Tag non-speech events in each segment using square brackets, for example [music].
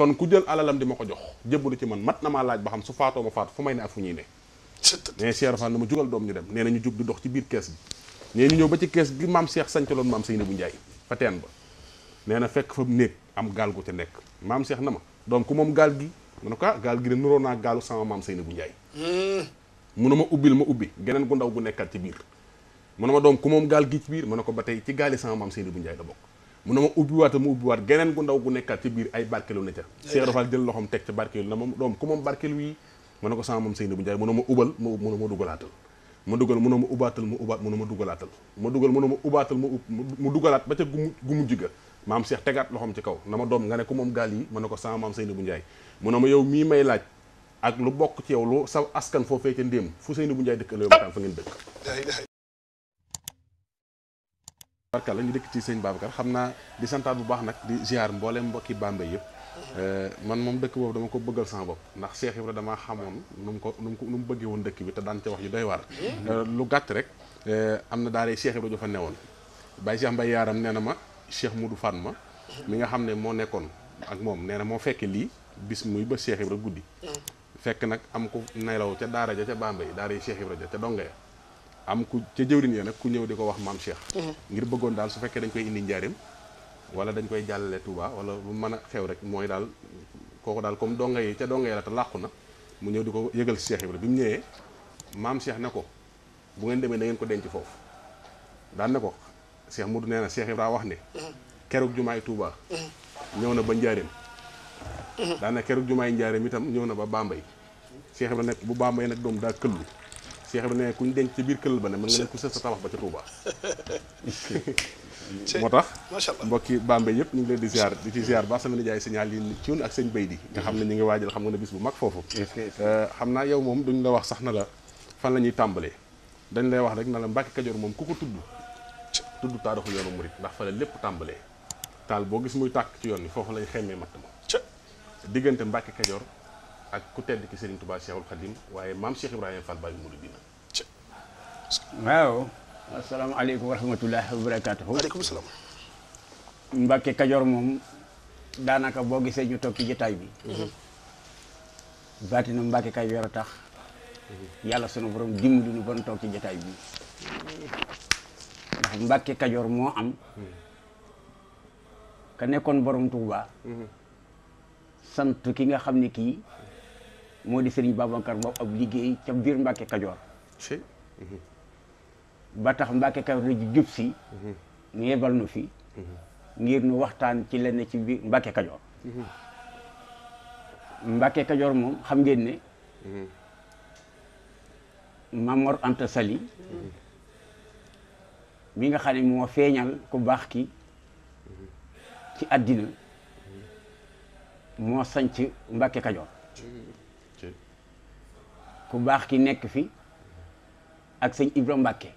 kon ku jël alalam di ma ko jox jëbulu ci man mat na ma laaj ba xam su faato ma faat fu may ne afu fu ñuy ne mais Cheikh Fall na ma jugal dom ñu dem nee na ñu jug di dox ci biir caisse bi nee ñu ba ci caisse gi mam Cheikh lon mam seyne bu ndjay fa ten ba na fekk fa néeg am gal gu te nekk mam Cheikh nama dom ku mom gal gi mu ko ah, gal gi de galu sama mam seyne bu ndjay hmm. mu ma ubil ma ubi geneen gu ndaw gu nekkal ci biir mu ma dom ku mom gal gi ci biir mu ko batay ci gal sama mam seyne bu ndjay da bokk mu a ma ubbiwaat mu ubbiwaat geneen gu ndaw gu nekkaat ci biir ay barkeelu ne ca Cheikh Rafal jël loxoom teg ca barkeelu na moom doom ku ne ko bu Ndiaye mu ne ma ubal mu ne ma dugalaatal ma dugal mu ne ma ubaatal mu ubaat ma dugalaatal ma dugal mu ne ma ubaatal mu dugalaat ba ca gumu gumu jiga maam Cheikh tegaat loxoom ci kaw na ma doom nga ne ku moom gaal yi ma ne ko sama maam Seydou bu Ndiaye mu ne ma yow mii may laaj ak lu bokk ci yow lu sa askan foofee ca ndéem fu Seydou bu Ndiaye dëkk la yow fa ngeen dëkk barka la ñu dëkk ci sëñ Babacar xam naa di santaat bu baax nag di ziar mbooleem mbokki Bambey yëpp euh, man moom dëkk boobu dama ko bëggal sama bopp ndax Cheikh Ibra damaa xamoon nu mu ko nu mu ko nu mu bëggee woon dëkk bi te daan ca wax yu doy waar euh, lu gàtt rek euh, am na daaree Cheikh Ibra dafa newoon Baye Cheikh mbay yaaram nee na ma du Moudou ma mi nga xam ne moo nekkoon ak moom nee na moo fekkee lii bis muy ba Cheikh Ibra guddi mm. fekk nag am ku nelaw ca daara ja ca Bambey daaree Cheikh Ibra ja ca donga ya am ku ca jëwrin ya nag ku ñëw di ko wax maam Cheikh mhm. ngir bëggoon daal su fekkee dañ koy indi njaarim wala dañ koy jàllale Touba wala lu mën a xew rek mooy daal kooku daal comme donga yi ca donga yi la te na mu ñëw ko yëgal Cheikh Ibra bi mu ñëwee maam Cheikh ne ko bu ngeen demee na ngeen ko denc foofu daan ne ko Cheikh Mudu nee na Cheikh Ibra wax ne mhm. keroog jumaay Touba mhm. ñëw na ba njaarim daan ne keroog jumaay njaarim itam ñëw na ba Bambey Cheikh Ibra nag bu Bambey nag doom daa këllu Cheikh bi ne ku ñu denc ci biir këlal ba ne mën nga ne ku sës sa tabax ba ca Touba. [laughs] moo tax macha allah mbokki Bambey yëpp ñu ngi leen di ziar di ci ziar baax sama nijaay signal yi ci woon ak sëñ Baydi nga xam ne ñu ngi waajal xam nga ne bis bu mag foofu euh, xam naa yow moom dañu la wax sax na la fan la ñuy tàmbalee dañ lay wax rek na la Mbàkke Kajoor moom ku ko tudd tudd taarixu yoonu murit ndax fa la lépp tàmbalee taal boo gis muy tàkk ci yoon ni foofu lañ xemmee matt ma diggante Mbàkke Kajoor ak ku tedd ki Serigne Touba Cheikhul Khadim waaye maam Cheikh Ibrahima Fall Baye Mouridina. waaw. asalaamaaleykum wa rahmatulah wa barakaatuhu. waaleykum Kajoor moom daanaka boo gisee ñu toog ci jotaay bi. Mhm. baatina Mbacke Kajoor a tax. Mhm. yàlla sunu borom dimbali ñu bon toog ci jotaay bi. ndax Mbacke Kajoor moo am. Mhm. ka nekkoon borom Touba. sant ki nga xam ne kii. moo di Serigne Babacar Mbow ab liggéey ca biir Mbacke Kajoor ba tax Mbacke Kajoor la jub si ñu mhm. yebal nu fi mhm. ngir nu waxtaan ci lenn ci biir Mbacke Kajoor mhm. Mbacke Kajoor moom xam ngeen ne Mamor Anta Sali bi nga xam ne moo feeñal ku baax ki ci àddina moo sanc Mbacke Kajoor ku baax ki nekk fi ak sëñ Ibra Mbàkke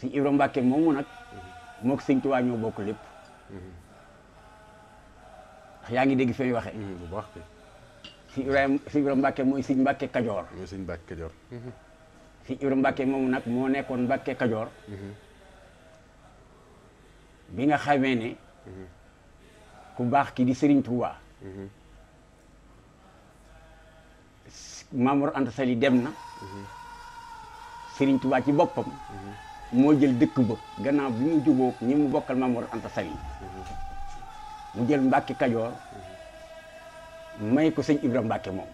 sëñ Ibra Mbàkke moomu nag mook sëñ Tuubaa ñoo bokk lépp ndax yaa ngi dégg fi may waxee mm-hmm. bu baax sëñ Ibrahima sëñ mooy sëñ Mbàkke Kajoor mooy sëñ Mbàkke Kajoor mm-hmm. sëñ moomu nag moo nekkoon Mbàkke Kajoor mm-hmm. bi nga xamee ne ku baax ki di sëriñ Tuubaa Mamour Anta Sali dem na Serigne tubaa ci boppam moo jël dëkk ba gannaaw bi mu jubóog ñi mu bokkal Mamour Anta Sali jël Mbàkke Kajoor may ko sëñ Ibra Mbàkke moom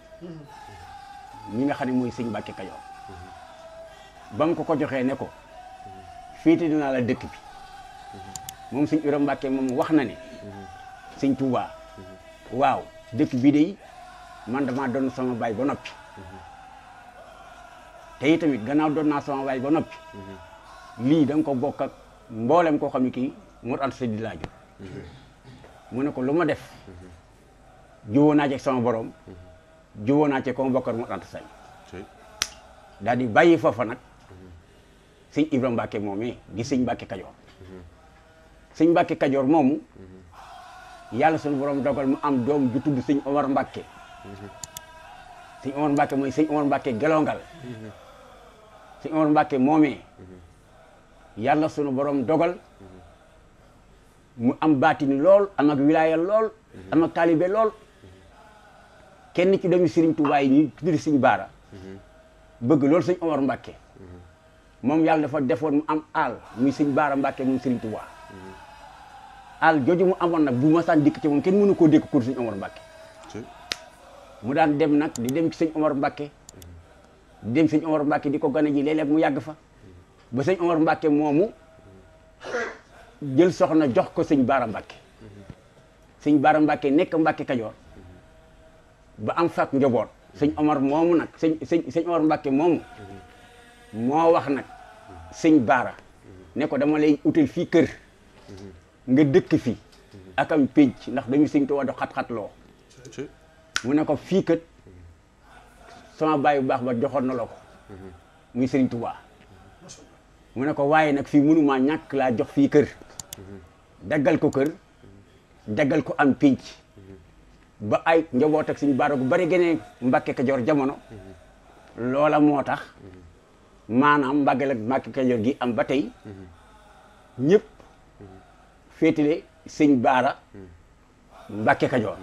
mi nga xam ne mooy sëñ Mbàkke Kajoor ba ko ko joxee ne ko féete dinaa la dëkk bi moom sëñ Ibra Mbàkke moom wax na ne sëñ Touba waaw dëkk bi de man damaa doon sama baay ba noppi te itamit gannaaw doon naa sama waay ba noppi lii danga ko bokk ak mboolem koo xam ne kii Mor Anta di laaju mu ne ko lu ma def juboo naa ci sama borom juboo naa ci ko ma bokkal Mor Anta Sali bàyyi foofa nag sëñ Ibra Mbàkke moomee di sëñ Mbàkke sëñ Mbàkke Kajoor moomu yàlla suñu borom dogal mu am doom ju tudd sëñ Omar Mbàkke mhm. sëñ Omar Mbàkke mooy sëñ Omar Mbàkke gelongal ci Omar Mbacke moomee yàlla sunu borom dogal mu am baatin lool am ak wilaaya lool am ak taalibe lool kenn ci doomi Serigne Touba yi ñu tudd Serigne Baara bëgg loolu sëñ omor Mbacke moom yàlla dafa defoon mu am aal muy sëñ Baara Mbacke moom Serigne Touba aal jooju mu amoon nag bu ma saan dikk ci moom kenn mënu koo dékk kur sëñ Omar Mbacke mu daan dem nag di dem ci sëñ Omar Mbacke dem sëñ Omar Mbacke di ko gane ji mu yàgg fa ba sëñ Omar Mbacke moomu jël soxna jox ko sëñ Baara Mbacke sëñ Baara Mbacke nekk Mbacke Kajoor ba am fak njaboot sëñ Omar moomu nag sëñ sëñ sëñ Omar Mbacke moomu moo wax nag sëñ Baara ne dama lay utal fii kër nga dëkk fii ak am ndax dañu sëñ Tuubaa dox xat-xat loo mu ne fii kat sama baay bu baax ba joxoon na la ko mm-hmm. muy Serigne Touba mu ne ko waaye nag fii mënumaa ñàkk laa jox fii kër mm-hmm. daggal ko kër mm-hmm. daggal ko am pinc ba ay njaboot ak suñu baara gu bari gënee Mbàkke Kajoor jamono loola moo tax maanaam mbàggal ak Mbàkke Kajoor gi am ba tey ñëpp féetale sëñ baara Mbàkke Kajoor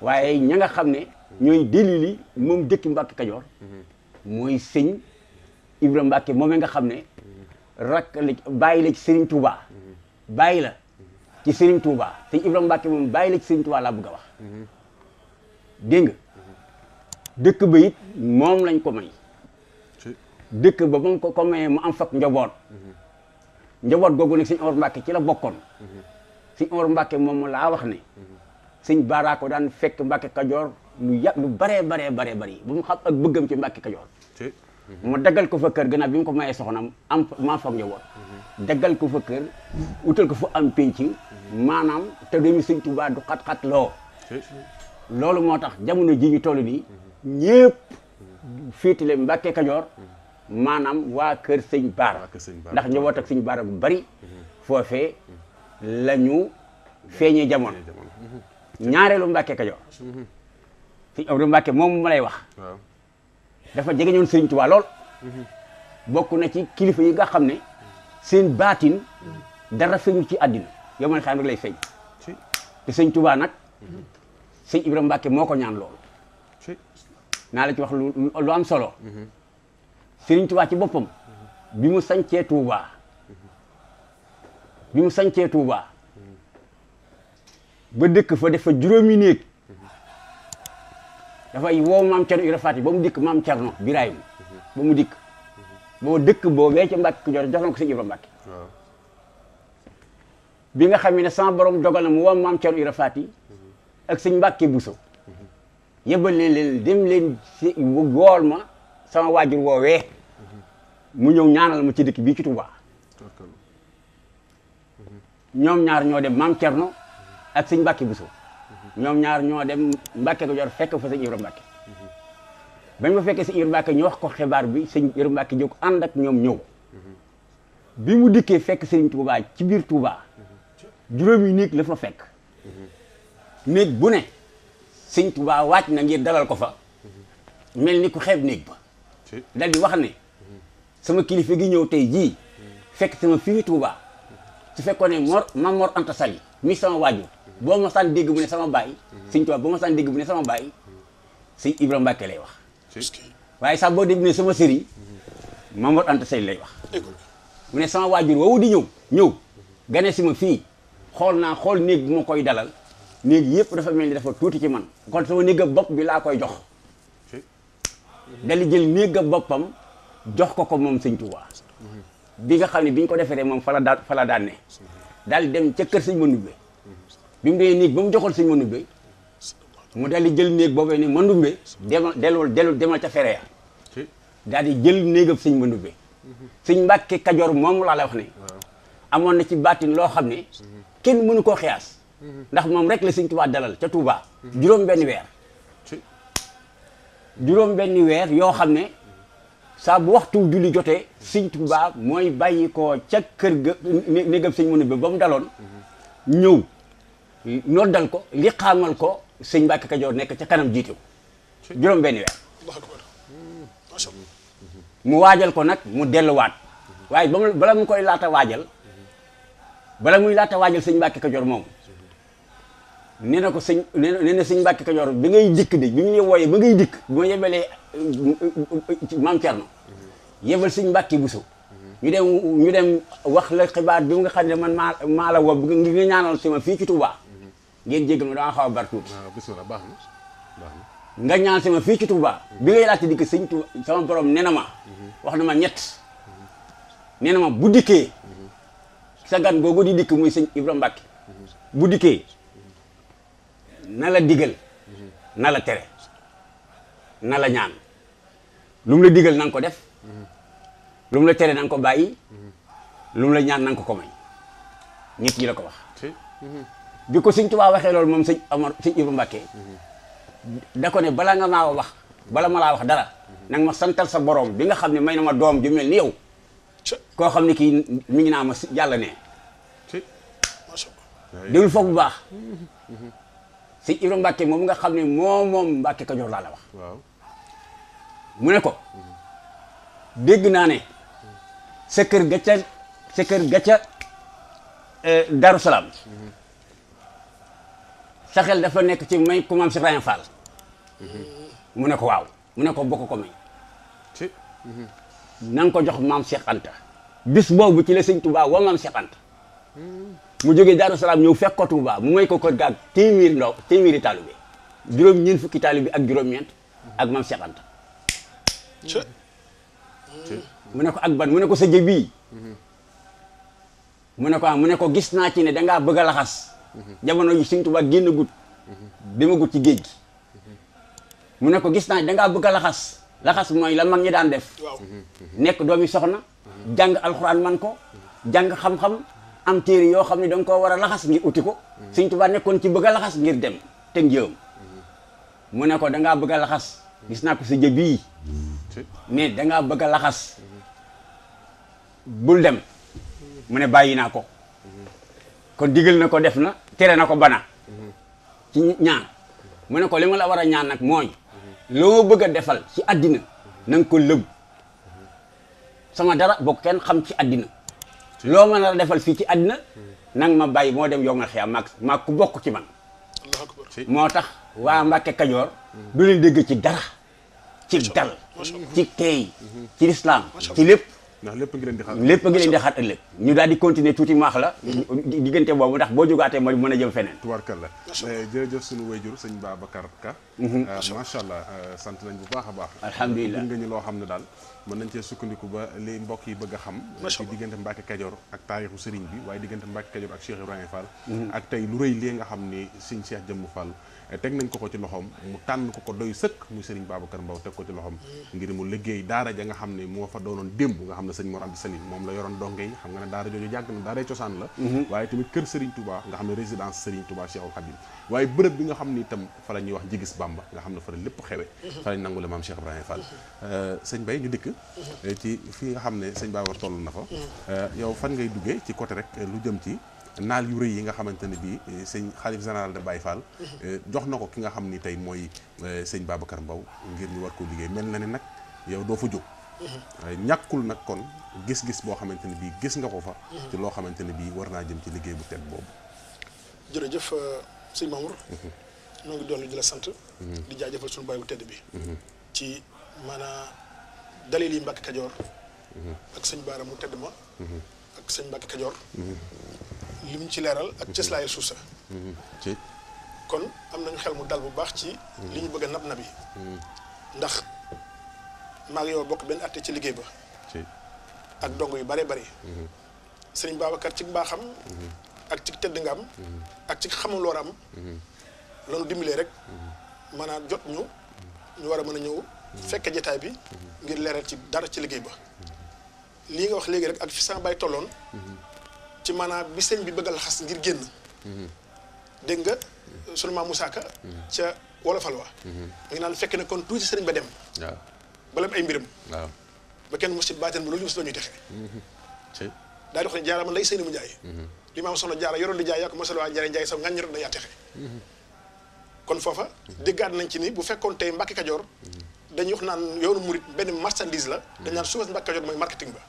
waaye ña nga xam ne ñooy deli moom dëkki Mbàkke Kajoor mooy sëñ Ibra Mbàkke moomee nga xam ne rakk la bàyyi la ci Serigne Touba bàyyi la ci Serigne Touba sëñ Ibra Mbàkke moom bàyyi la ci Serigne laa bëgg a wax dégg nga dëkk ba moom lañ ko may dëkk ba moom ko ko mayee mu am fak njaboot njaboot googu nag sëñ Omar Mbàkke ci la bokkoon sëñ Omar Mbàkke moom laa wax ne sëñ Baara daan fekk Mbàkke Kajoor lu yà lu baree baree baree bari bu mu xam ak bëggam ci Mbàkke Kajoor mu mm-hmm. daggal ko fa kër gannaaw bi mu ko mayee soxnam am maa foog njaboot mm-hmm. daggal ko fa kër utal ko fa am pénc mm-hmm. maanaam te doomi Sëñ Tuubaa du xat-xat loo loolu moo tax jamono jii ñu toll nii ñëpp féetale Mbàkke Kajoor maanaam waa kër sëñ Baara ndax njaboot ak sëñ Baara bu bari foofee la ñu feeñee jamono ñaareelu Mbàkke Kajoor sëñ Abdou Mbacke moom ma lay wax. dafa jege ñoon sëriñ Tuubaa lool. Mhm. bokk na ci kilifa yi nga xam ne seen baatin dara feeñu ci àddina yow man xam rek lay feeñ. te sëñ Tuubaa nag mhm. sëñ Ibrahima Mbacke moo ko ñaan loolu. naa la ci wax lu am solo. Mhm. sëriñ Tuubaa ci boppam bi mu sancee Tuubaa bi mu sancee Tuubaa ba dëkk fa def fa juróomi néeg. dafay woo maam Cerno Ibra Faati ba mu dikk maam Cerno Birahim ba mu dikk boo dëkk boobee ca Mbàkke Kajoor jox na ko sëñ Ibra Mbàkke bi nga xam ne sama borom dogal na mu woo maam Cerno Ibra Faati ak sëñ Mbàkke Buso yëbal leen leen dem leen si wool ma sama waajur woowee mu ñëw ñaanal ma ci dëkk bii ci Tuubaa ñoom ñaar ñoo dem maam Cerno ak sëñ Mbàkke Buso ñoom ñaar ñoo dem Mbàkke jot fekk fa sëñ Ibra Mbàkke bañ ba fekkee sëñ Ibra Mbàkke ñu wax ko xibaar bi sëñ Ibra Mbàkke jóg ànd ak ñoom ñëw bi mu dikkee fekk sëñ Touba ci biir Touba juróomi néeg la fekk néeg bu ne sëñ wàcc na ngir dalal ko fa mel ni ku xeeb néeg wax ne sama kilifa gi ñëw tey jii fekk sama fii Touba su fekkoon ne Mor Mamor Anta Sali mi sama waajur boo ma saan dégg mu ne sama baay sëñ Tuubaa boo ma saan dégg ne sama baay sëñ Ibrahima lay wax waaye sax boo dégg mu ne sama sëriñ Mamadou Anta Sey lay wax mu ne sama waajur woowu di ñëw ñëw gane si ma fii xool naa xool néeg bu koy dalal néeg yëpp dafa mel ni dafa tuuti ci man kon sama néeg a bopp bi laa koy jox di jël néeg a boppam jox ko ko moom sëñ Tuubaa bi nga xam ni bi ñu ko deferee moom fala daan fala daan ne daal dem ca kër sëñ Mandoumbe bi mu dee néeg ba mu joxoon sëñ Mandumbe mu daal jël néeg boobee ni Mandumbe demal delloo delloo demal ca fere ya daal di jël néegam sëñ Mandumbe sëñ Mbàkke Kajoor moom laa la wax ne amoon na ci baatin loo xam ne kenn mënu koo xiyaas mhm. ndax moom rek la sëñ Tuubaa dalal ca Tuubaa mhm. juróom benn weer juróom benn weer yoo xam ne saa bu waxtu julli jotee sëñ Tuubaa mooy bàyyi ko ca kër ga néegam sëñ Mandumbe ba mu daloon mhm. ñëw noddal ko li xaamal ko sëñ Mbàkke Kajoor nekk ca kanam jiite ko juróom benn weer hmm, mu waajal ko nag mu delluwaat waaye ba mu bala mu koy laata waajal bala muy laata waajal sëñ Mbàkke Kajoor moom nee na ko sëñ nee na sëñ Mbàkke Kajoor bi ngay dikk de bi ñu wooyee ba ngay dikk bu ma yebalee maam Cerno yebal sëñ Mbàkke Buso ñu dem ñu dem wax la xibaar bi nga xam ne man maa maa la ngi nga ñaanal si ma fii ci Tuubaa ngeen jéggal ma dama xaw a bar tuuti. waaw ah, bisimilah baax na nga ñaan sama fii ci Touba. bi ngay laajte di ko sëñ sama borom nee ma. wax na ma ñett. nee na ma bu dikkee. sa gan googu di dikk muy sëñ Ibrahima Mbacke. bu dikkee na la digal. na la tere. na la ñaan. lu la diggal na ko def. lu la tere na ko bàyyi. lu mu la ñaan na ko ko may. nit la ko wax. Mhm. bi ko sëñ Tuubaa waxee loolu moom sëñ Amar sëñ Ibra Mbàkke da ko ne bala nga maa wax bala ma laa wax dara nag ma santal sa boroom bi nga xam ne may ma doom ju mel ni yow koo xam ne kii mi ngi naa ma yàlla ne déglu foofu bu baax sëñ Ibra moom nga xam ne moom moom Mbàkke Kajoor wax mu ne ko dégg naa ne sa kër gàcca sa kër gàcca eh, Daaru Salaam mm-hmm. sa xel dafa nek ci may ku mam si Rayan Fall mhm. mu ne ko waw mu ne ko boko ko may mhm. na nang ko jox maam Cheikh Anta bis bobu ci le seigne Touba wa mam Cheikh Anta mhm. mu joge daru salam ñew fekk ko Touba mu may ko ko gag timir ndo timiri taalibe juroom ñeen fukki taalibe ak juroom ñent ak mam Cheikh Anta mu ne ko ak ban mu ne ko sa jëb bii mu ne ko ah, mu ne ko gis na ci ne nga bëgg la xass jamono yi Sëriñ Tuubaa génnagut mhm. gout ci géej gi mhm. mu ne ko gis da nga bëgg xass la xass moy la mag ñi daan def mhm. Nek doomi soxna jang alcorane man ko jang xam-xam am téré yo xamni ne danga koo war a laxas ngir uti ko seigne touba nekkon ci bëgg la xass ngir dem te njëwam mu ne ko dangaa bëgg la xass gis na ko ci jë bii mais nga bëgg la xass bul dem mu ne ko kon digel nako def na tere na ko bana ci ñaan mu ne ko li ma la war a ñaan nag mooy loo bëgg a defal ci àddina na ko lëb sama dara boo kenn xam ci àddina loo mën a defal fii ci àddina nang ma bàyyi moo dem yow ma xeex maag maag ku bokk ci man moo tax waa Mbàkke Kajoor du leen dégg ci dara ci dal ci teey ci lislaam ci lépp ndax lépp ngi leen di xaar lépp ngi leen di xaar ëllëg ñu daal di continuer tuuti maax la diggante boobu ndax boo jógaatee ma mën a jëm feneen tubaarkalla eh, jërëjëf suñu wayjur sëñ Babacar Ka mhm. eh, macha allah eh, sant lañ bu baax a baax alhamdulilah nga ñu loo xam ne daal mën nañ cee sukkandiku ba li mbokk yi bëgg a xam ci diggante Mbacke Kajoor ak taarixu sëriñ bi waaye diggante Mbacke Kajoor ak Cheikh Ibrahima Fall mhm. ak tey lu rëy lii nga xam ni sëñ Cheikh Jëmm Fall Eh, teg nañ ko ko ci loxoom mu tànn ko ko doy sëkk muy sëriñ Babacar Mbow teg ko ci loxoom ngir mu liggéey daara ja nga xam ne moo fa doonoon démb nga xam ne sëñ Mor Abdou moom la yoroon donge yi xam nga ne daara jooju yàgg na daara cosaan la mhm. waaye tamit kër sëriñ Touba nga xam ne résidence sëriñ Touba Cheikhul Khadim waaye bërëb bi nga xam ne tam fa la ñuy wax jigis Bamba nga xam ne fa la lépp xewe mhm. fa lañ nangu la maam Cheikh Ibrahima Fall mhm. eh, sëñ Bay ñu dikk eh, ci fi nga xam ne sëñ Babacar toll na fa yow fan ngay duggee ci côté rek lu jëm ci naal yu rëy yi nga xamante ne bii eh, sëñ xalif général de Baye Fall [laughs] eh, jox na ko ki nga xam ni tey mooy eh, sëñ Babacar Mbaw ngir ñu war koo liggéey mel na ne nag yow doo fa jóg [laughs] ñàkkul nag kon gis-gis boo xamante ne bii gis nga ko fa [laughs] loo xamante ne bii war naa jëm ci liggéey bu tedd boobu jërëjëf euh, sëñ Mamour mhm. noo ngi doon mhm. di jaajëfal suñu baay bu tedd bi mhm. ci maanaam dalil yi Mbàkke Kajoor ak sëñ Baara mu tedd ma ak sëñ Mbàkke Kajoor li mu ci leeral ak cëslaayal suuf sa mhm. kon am nañu xel mu dal bu baax ci mhm. li ñu bëgg a nab nabi mhm. ndax maa ngi yow bokk benn atte ci liggéey ba ak dong yu bare bare sëriñ Babacar ci baaxam ak ci tëdd nga am ak ci xamulooram loolu dimbalee rek maanaam jot ñu ñu war a mën a ñëw fekke jataay bi ngir leeral ci dara ci liggéey ba lii nga wax léegi rek ak ci sama bay tolloon ci maanaam bi señ bi bëggal xass ngir genn hmm dégg nga sulma maam Moussa Ka mhm. ca wolofal mhm. ngi nan fekk na kon tuuti señ ba dem waaw balam ay mbirum waaw ba kenn musib baateen ba lu ñu musit ñuy hmm daa di wax jaara man lay sëy mu jaay mhm. li maam solo jaara yoro di jaay jaare jaay sax texe kon fofa degaat nañ ci ni bu fekkoon tey Mbàkke Kajoor dañu wax nan yoonu mourid ben marchandise la dañ naan suufas moy marketing ba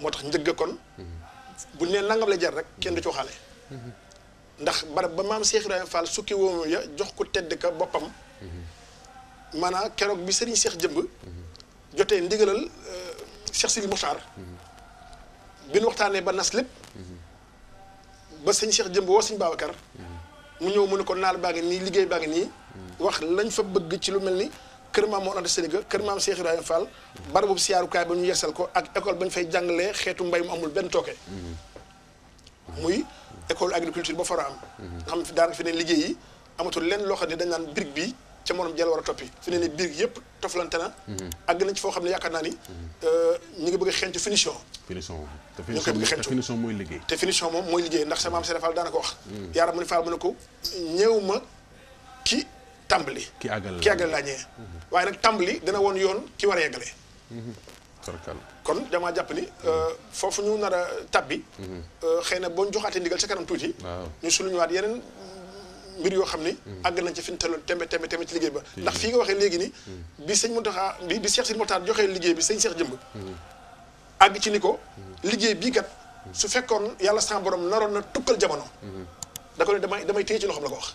moo tax njëgg kon bu nee nangam la jar rek kenn du ci waxaale ndax barab ba maam Cheikh Ibrahima Fall sukki woomu ya jox ko tedd ka boppam maanaam keroog bi sëriñ Cheikh jëmb jotee ndigalal euh, Cheikh Sidi Moukhtar bi nu waxtaanee ba nas lépp ba sëñ Cheikh jëmb woo sëñ Babacar mu ñëw mu ne ko naal baa ngi nii liggéey baa ngi nii wax lañ fa bëgg ci lu mel ni kër maam Mor Anta Sali ga kër maam Cheikh Ibrahima Fall barabu siyaarukaay ba ñu yeesal ko ak école ba ñu fay jàngalee xeetu mbay mu amul benn tooke muy école agriculture ba fara am nga xam daanaka fi ne liggéey yi amatul lenn loo xam ne dañ naan brique bi ca morom jël war a toppi fi ne ni brique yëpp toflante na àgg nañ foo xam ne yaakaar naa ni euh, ñu ngi bëgg a xentu te ñu koy bëgg a xentu te finition moom mooy liggéey ndax sa maam Serigne Fall daana ko wax mm. yaaram mu ne Fall mu ne ko ñëw ma ki tàmbali. ki àggale ki àggale laañee mm-hmm. waaye nag tàmbali dana woon yoon ki war a yeggale. Mm-hmm. kon damaa jàpp ni mm-hmm. euh, foofu ñu nar a tabbi. Euh, xëy na boo joxaatee ndigal ca kanam tuuti. ñu suluñuwaat yeneen mbir yoo xam ni. àgg nañ ci fi ñu taloon tembe tembe tembe ci liggéey ba. ndax fii nga waxee léegi ni. bi sëñ Mountakha bi bi Cheikh Sidi Mokhtar joxee liggéey bi sëñ Cheikh Jëmb. àgg ci ni ko. liggéey bii kat su fekkoon yàlla sama borom naroon na tukkal jamono. da ko ne damay damay ci loxoom la ko wax.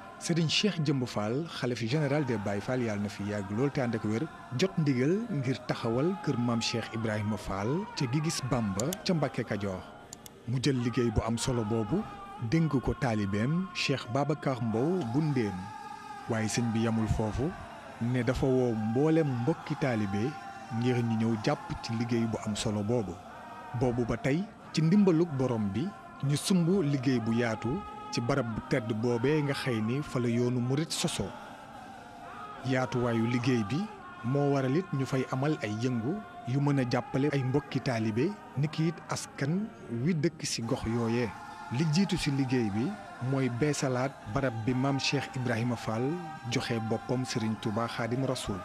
sëriñ Cheikh Jëmb Fall xalifa général des baay Fall yàlla na fi yàgg lool te ànd ak wér jot ndigal ngir taxawal kër maam Cheikh Ibrahima Fall ca gi gis Bamba ca Mbàkke Kajoor mu jël liggéey bu am solo boobu dénk ko taalibeem Cheikh Babacar Mbow bu ndéem waaye sëñ bi yamul foofu ne dafa woo mboolem mbokki taalibe ngir ñu ñëw jàpp ci liggéey bu am solo boobu boobu ba tey ci ndimbalug borom bi ñu sumb liggéey bu yaatu ci barab bu tedd boobee nga xëy ni fa la yoonu murit sosoo yaatuwaayu liggéey bi moo waral it ñu fay amal ay yëngu yu mën a jàppale ay mbokki taalibe niki it askan wi dëkk ci gox yooye li jiitu ci liggéey bi mooy beesalaat barab bi maam Cheikh Ibrahima Fall joxe boppam Serigne Touba Xaadim Rasoul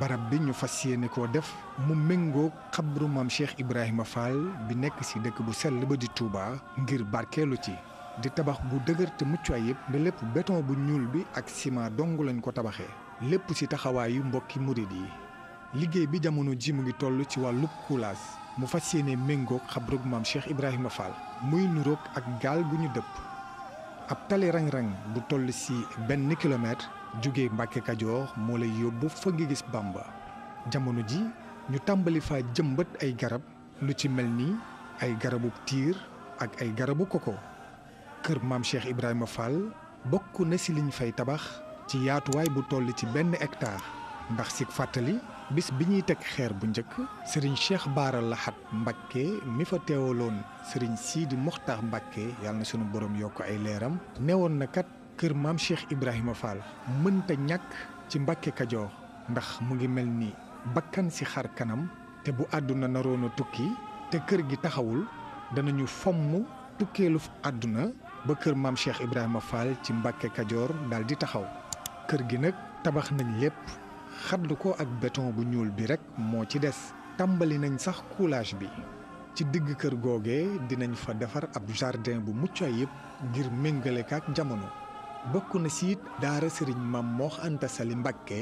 barab bi ñu fas yéene ko def mu méngoo xabru maam Cheikh Ibrahima Fall bi nekk ci dëkk bu sell ba di Touba ngir barkeelu ci di tabax bu dëgër te muccu ayib ne lepp béton bu ñuul bi ak ciment dongu lañ ko tabaxé lepp ci yu mbokki mourid yi liggéey bi jamono ji mu ngi tollu ci walu kulaas mu fassiyene mengo méngoog mam cheikh ibrahima fall muy nurok ak gal bu ñu depp ab talé rang-rang bu tollu ci ben kilomètre mbacké kadior mo lay yobbu fa gi gis bamba jamono ji ñu tambali fa jëmbat ay garab lu ci melni ay garabu ak ay garabu koko kër mam Cheikh Ibrahima Fall bokku na ci liñ fay tabax ci way bu toll ci ben hectare ndax fatali bis biñuy tek xeer bu ñëk serigne Cheikh Baara Lahat Mbacke mi fa teewaloon serigne Sidi Mokhtar Mbacke yàlla suñu borom yok ay leeram newoon na kat kër mam Cheikh Ibrahima Fall mënta ñak ci Mbacke ndax mu ngi melni bakkan si xar kanam te bu narono tuki a tukki te kër gi taxawul danañu fomm tukkeeluf aduna. ba kër maam Cheikh Ibrahima Fall ci Mbàkke Kajoor daal di taxaw kër gi nag tabax nañ lépp xadlu ko ak béton bu ñuul bi rek moo ci des tàmbali nañ sax coulage bi ci digg kër googee dinañ fa defar ab jardin bu mucc ayib ngir méngale kaak jamono bokk na si it daara sëriñ Maam Moox Anta Mbàkke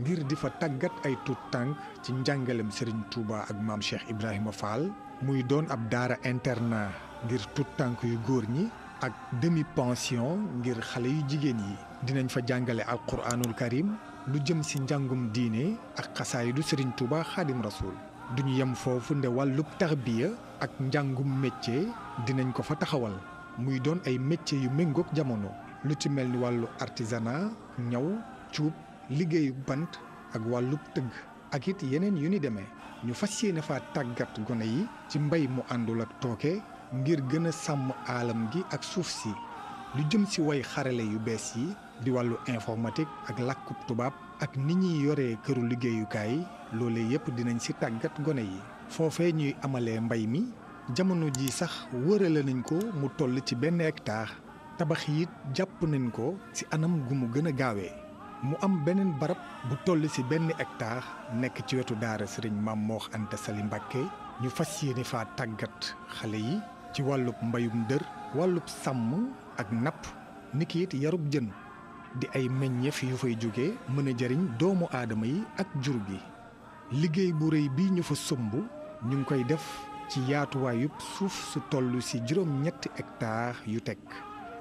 ngir di fa tàggat ay tuut tànk ci njàngalem sëriñ Touba ak maam Cheikh Ibrahima Fall muy doon ab daara internat ngir tuut tànk yu góor ñi ak demi pension ngir xale yu jigéen yi dinañ fa jàngale alquranul karim lu jëm ci njàngum diine ak du Serigne Touba Xaadim Rasoul duñu yem foofu nde wàllub tarbiya ak njàngum métier dinañ ko fa taxawal muy doon ay métier yu méngoog jamono lu ci mel ni wàllu artisanat ñaw cuub liggéeyu bant ak wàllub tëgg ak it yeneen yu ni demee ñu fas yéene fa tàggat gone yi ci mbay mu àndul ak tooke ngir gëna sam alam gi ak suuf si lu jëm ci way xarale yu bes yi di walu informatique ak làkkub tubab ak ni ñi yoré këru liggéeyukaay lolé yépp dinañ ci tàggat goné yi fofé ñuy amalé mbay mi jamono ji sax wërale nañ ko mu toll ci ben hectare tabax yi japp nañ ko ci anam gu mu gëna gaawé mu am benen barab bu toll ci ben hectare nek ci wetu daara serigne Mam mokh Anta salim Mbàkke ñu fassiyene fa xalé yi ci wàllub mbayum dër wàllub sàmm ak napp niki it jën di ay meññeef yu fay jóge mën a jariñ doomu aadama yi ak jur gi liggéey bu rëy bi ñu fa sumb ñu ngi koy def ci yaatuwaayub suuf su toll ci juróom ñetti hectare yu teg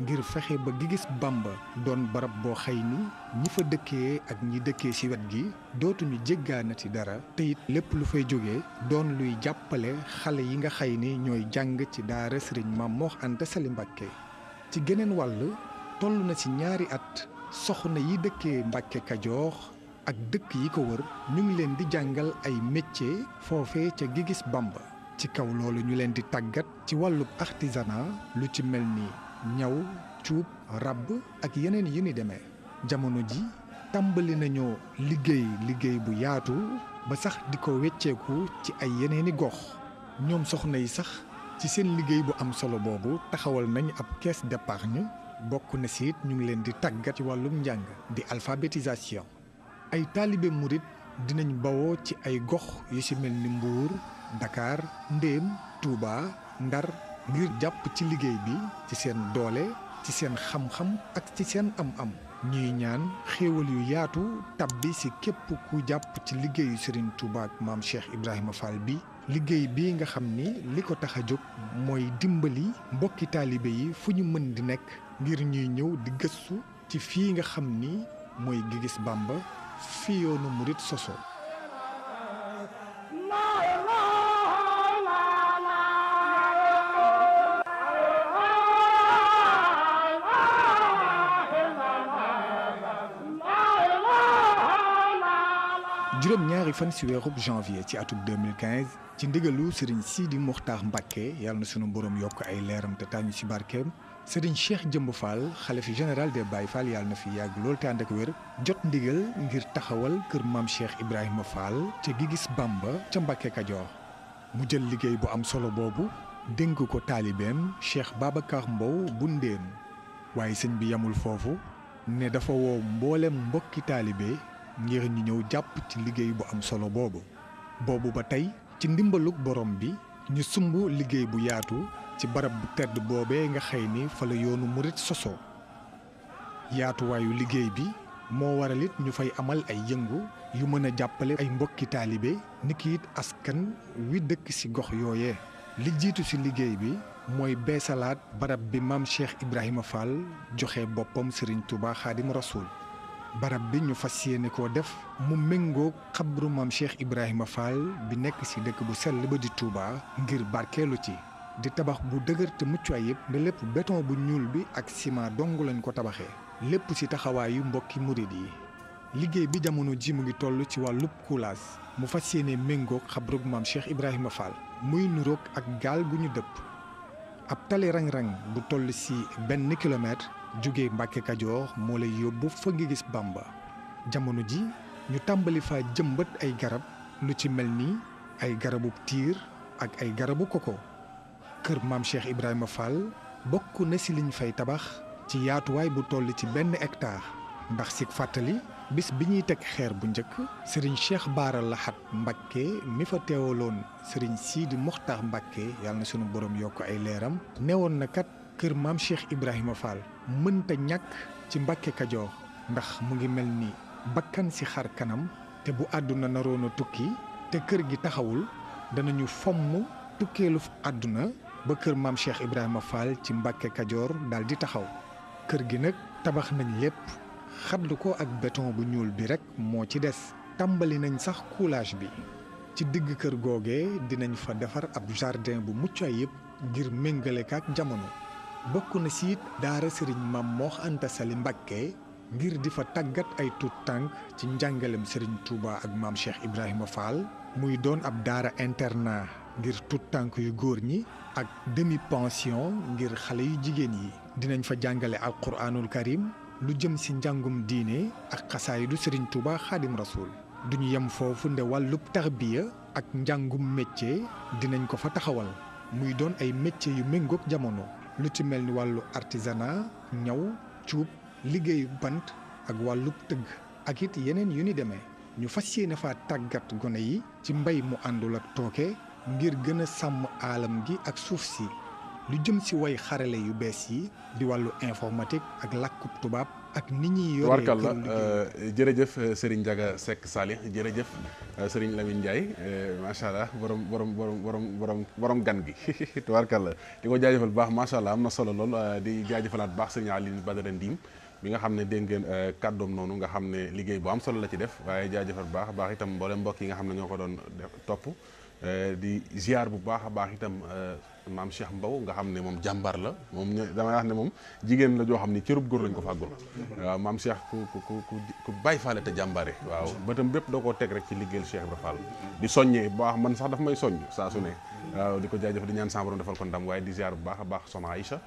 ngir fexe ba gi gis Bamba doon barab boo xëy ni ñi fa dëkkee ak ñi dëkkee ci wet gi dootuñu jéggaanati dara te it lépp lu fay jóge doon luy jàppale xale yi nga xëy ni ñooy jàng ci daara sëriñ Maam Mor Anta Mbàkke ci geneen wàll toll na ci ñaari at soxna yi dëkkee Mbàkke Kajoor ak dëkk yi ko wër ñu ngi leen di jàngal ay métier foofee ca gigis gis Bamba ci kaw loolu ñu leen di tàggat ci wàllub artisanat lu ci mel nii ñaw cuub ràbb ak yeneen yi ni demee jamono ji tàmbali nañoo liggéey liggéey bu yaatu ba sax di ko wecceeku ci ay yeneeni gox ñoom soxna yi sax ci seen liggéey bu am solo boobu taxawal nañu ab kees d'épargne bokk na siit ñu ngi leen di tàggat ci wàllum njàng di alphabétisation ay taalibe murit dinañ bawoo ci ay gox yu ci mel ni Mbuur Dakar Ndéem tuuba Ndar ngir jàpp ci liggéey bi ci seen doole ci seen xam-xam ak ci seen am-am ñuy ñaan xéewal yu yaatu tàbbi ci képp ku jàpp ci liggéeyu Serigne Touba ak maam Cheikh Ibrahima Fall bi liggéey bi nga xam ni li ko tax a jóg mooy dimbali mbokki taalibe yi fu ñu mën di nekk ngir ñuy ñëw di gëstu ci fii nga xam ni mooy Guiguiss Bamba fi yoonu murit soso juróom ñaari fan si weerub janvier ci atum 2015 ci ndigalu sëriñ Sidi Mokhtar Mbacké yàlla na sunu borom yokk ay leeram te tàññu si barkeem sëriñ Cheikh Jëmb Fall xalifa général des Baye Fall yàlla na fi yàgg lool te ànd ak wér jot ndigal ngir taxawal kër maam Cheikh Ibrahima Fall ca Gigis Bamba ca Mbacké Kajoor mu jël liggéey bu am solo boobu dénk ko taalibeem Cheikh Babacar Mbow bu Ndéem waaye sëñ bi yamul foofu ne dafa woo mboolem mbokki taalibe ngir ñu ñëw jàpp ci liggéey bu am solo boobu boobu ba tey ci ndimbalug borom bi ñu sumb liggéey bu yaatu ci barab bu tedd boobee nga xëy ni fa la yoonu murit sosoo yaatuwaayu liggéey bi moo waral it ñu fay amal ay yëngu yu mën a jàppale ay mbokki taalibe niki it askan wi dëkk ci gox yooye li jiitu ci liggéey bi mooy beesalaat barab bi maam Cheikh Ibrahima Fall joxe boppam Serigne Touba Xaadim Rasoul barab bi ñu fas yéene koo def mu méngoo xabru maam Cheikh Ibrahima Fall bi nekk ci dëkk bu sell ba di Touba ngir barkeelu ci di tabax bu dëgër te mucc ayib ne lépp beton bu ñuul bi ak ciment dong lañ ko tabaxee lépp ci taxawaayu mbokki murid yi liggéey bi jamono ji mu ngi toll ci wàllu coulage mu fas yéene méngoog xabrug maam Cheikh Ibrahima Fall muy nuroog ak gaal bu ñu dëpp ab tali rang-rang bu toll ci benn kilomètre jóge Mbàkke Kajoor moo lay yóbbu fa gis Bàmba jamono ji ñu tàmbali fa jëmbat ay garab lu ci mel ni ay garabu tiir ak ay garabu koko kër maam Cheikh Ibrahima Fall bokk na si liñ fay tabax ci yaatuwaay bu toll ci benn hectare ndax si fàttali bis bi ñuy teg xeer bu njëkk sëriñ Cheikh Baara Laxat Mbacke mi fa teewaloon sëriñ Sidi Moxtaar Mbacke yàlla na sunu borom yokk ay leeram newoon na kat kër maam Cheikh Ibrahima Fall mënta ñakk ci Mbàkke Kajoor ndax mu ngi mel ni bakkan si xar kanam te bu àdduna naroon tukki te kër gi taxawul danañu fomm tukkeelu àdduna ba kër maam Cheikh Ibrahima Fall ci Mbàkke Kajoor daal di taxaw kër gi nag tabax nañ lépp xadlu ko ak beton bu ñuul bi rekk moo ci des tàmbali nañ sax coulage bi ci digg kër googee dinañ fa defar ab jardin bu mucc ayib ngir méngale kaak jamono bokku na ci daara serigne mam mo xanta sali mbacke ngir di fa ay tutang tank ci njangalem serigne touba ak mam cheikh ibrahima fall muy don ab daara interna ngir tout tank yu gor ñi ak demi pension ngir xalé yu jigen yi dinañ fa alquranul karim lu jëm ci njangum diiné ak xasaayidu serigne touba khadim rasul duñu yam fofu ndé wàllub tarbiya ak njangum métier dinañ ko fa taxawal muy don ay métier yu mengok jamono lu ci mel ni wàllu artisanat ñaw cuub liggéeyu bant ak wàllu tëgg ak it yeneen yu ni demee ñu fas yéene faa tàggat gone yi ci mbay mu àndul ak tooke ngir gën a sàmm alam gi ak suuf si lu jëm si way xarale yu bees yi di wàllu informatique ak làkkub tubaab ak ni ñuy warkal la euh, jërëjëf euh, Serigne Ndiaga Seck Salih jërëjëf euh, Serigne Lamine Ndiaye macha allah borom borom borom borom borom gan gi warkal [laughs] la di ko jaajëfal bu baax macha allah am na solo lool di jaajëfalaat baax Serigne Alioune Badara Ndim bi nga xam ne dégg ngeen kàddoom noonu nga xam ne liggéey bu am solo la ci def waaye jaajëfal bu baax abaax baax itam mboolem mbokk yi nga xam ne ñoo ko doon topp di ziar bu baax a baax itam maam Cheikh mbaw nga xam ne moom jàmbaar la moom damay wax ne moom jigéen la joo xam ni cërub góor lañ ko fàggul waaw maam Cheikh ku ku ku ku bàyyi faale te jàmbaare waaw bëtam bépp doo koo teg rek ci liggéeyal Cheikh Ibra Fall di soññee bu baax man sax dafa may soññ saa su ne waaw di ko jaajëf di ñaan sama borom defal ko ndam waaye di ziar bu baax a baax soxna Aïcha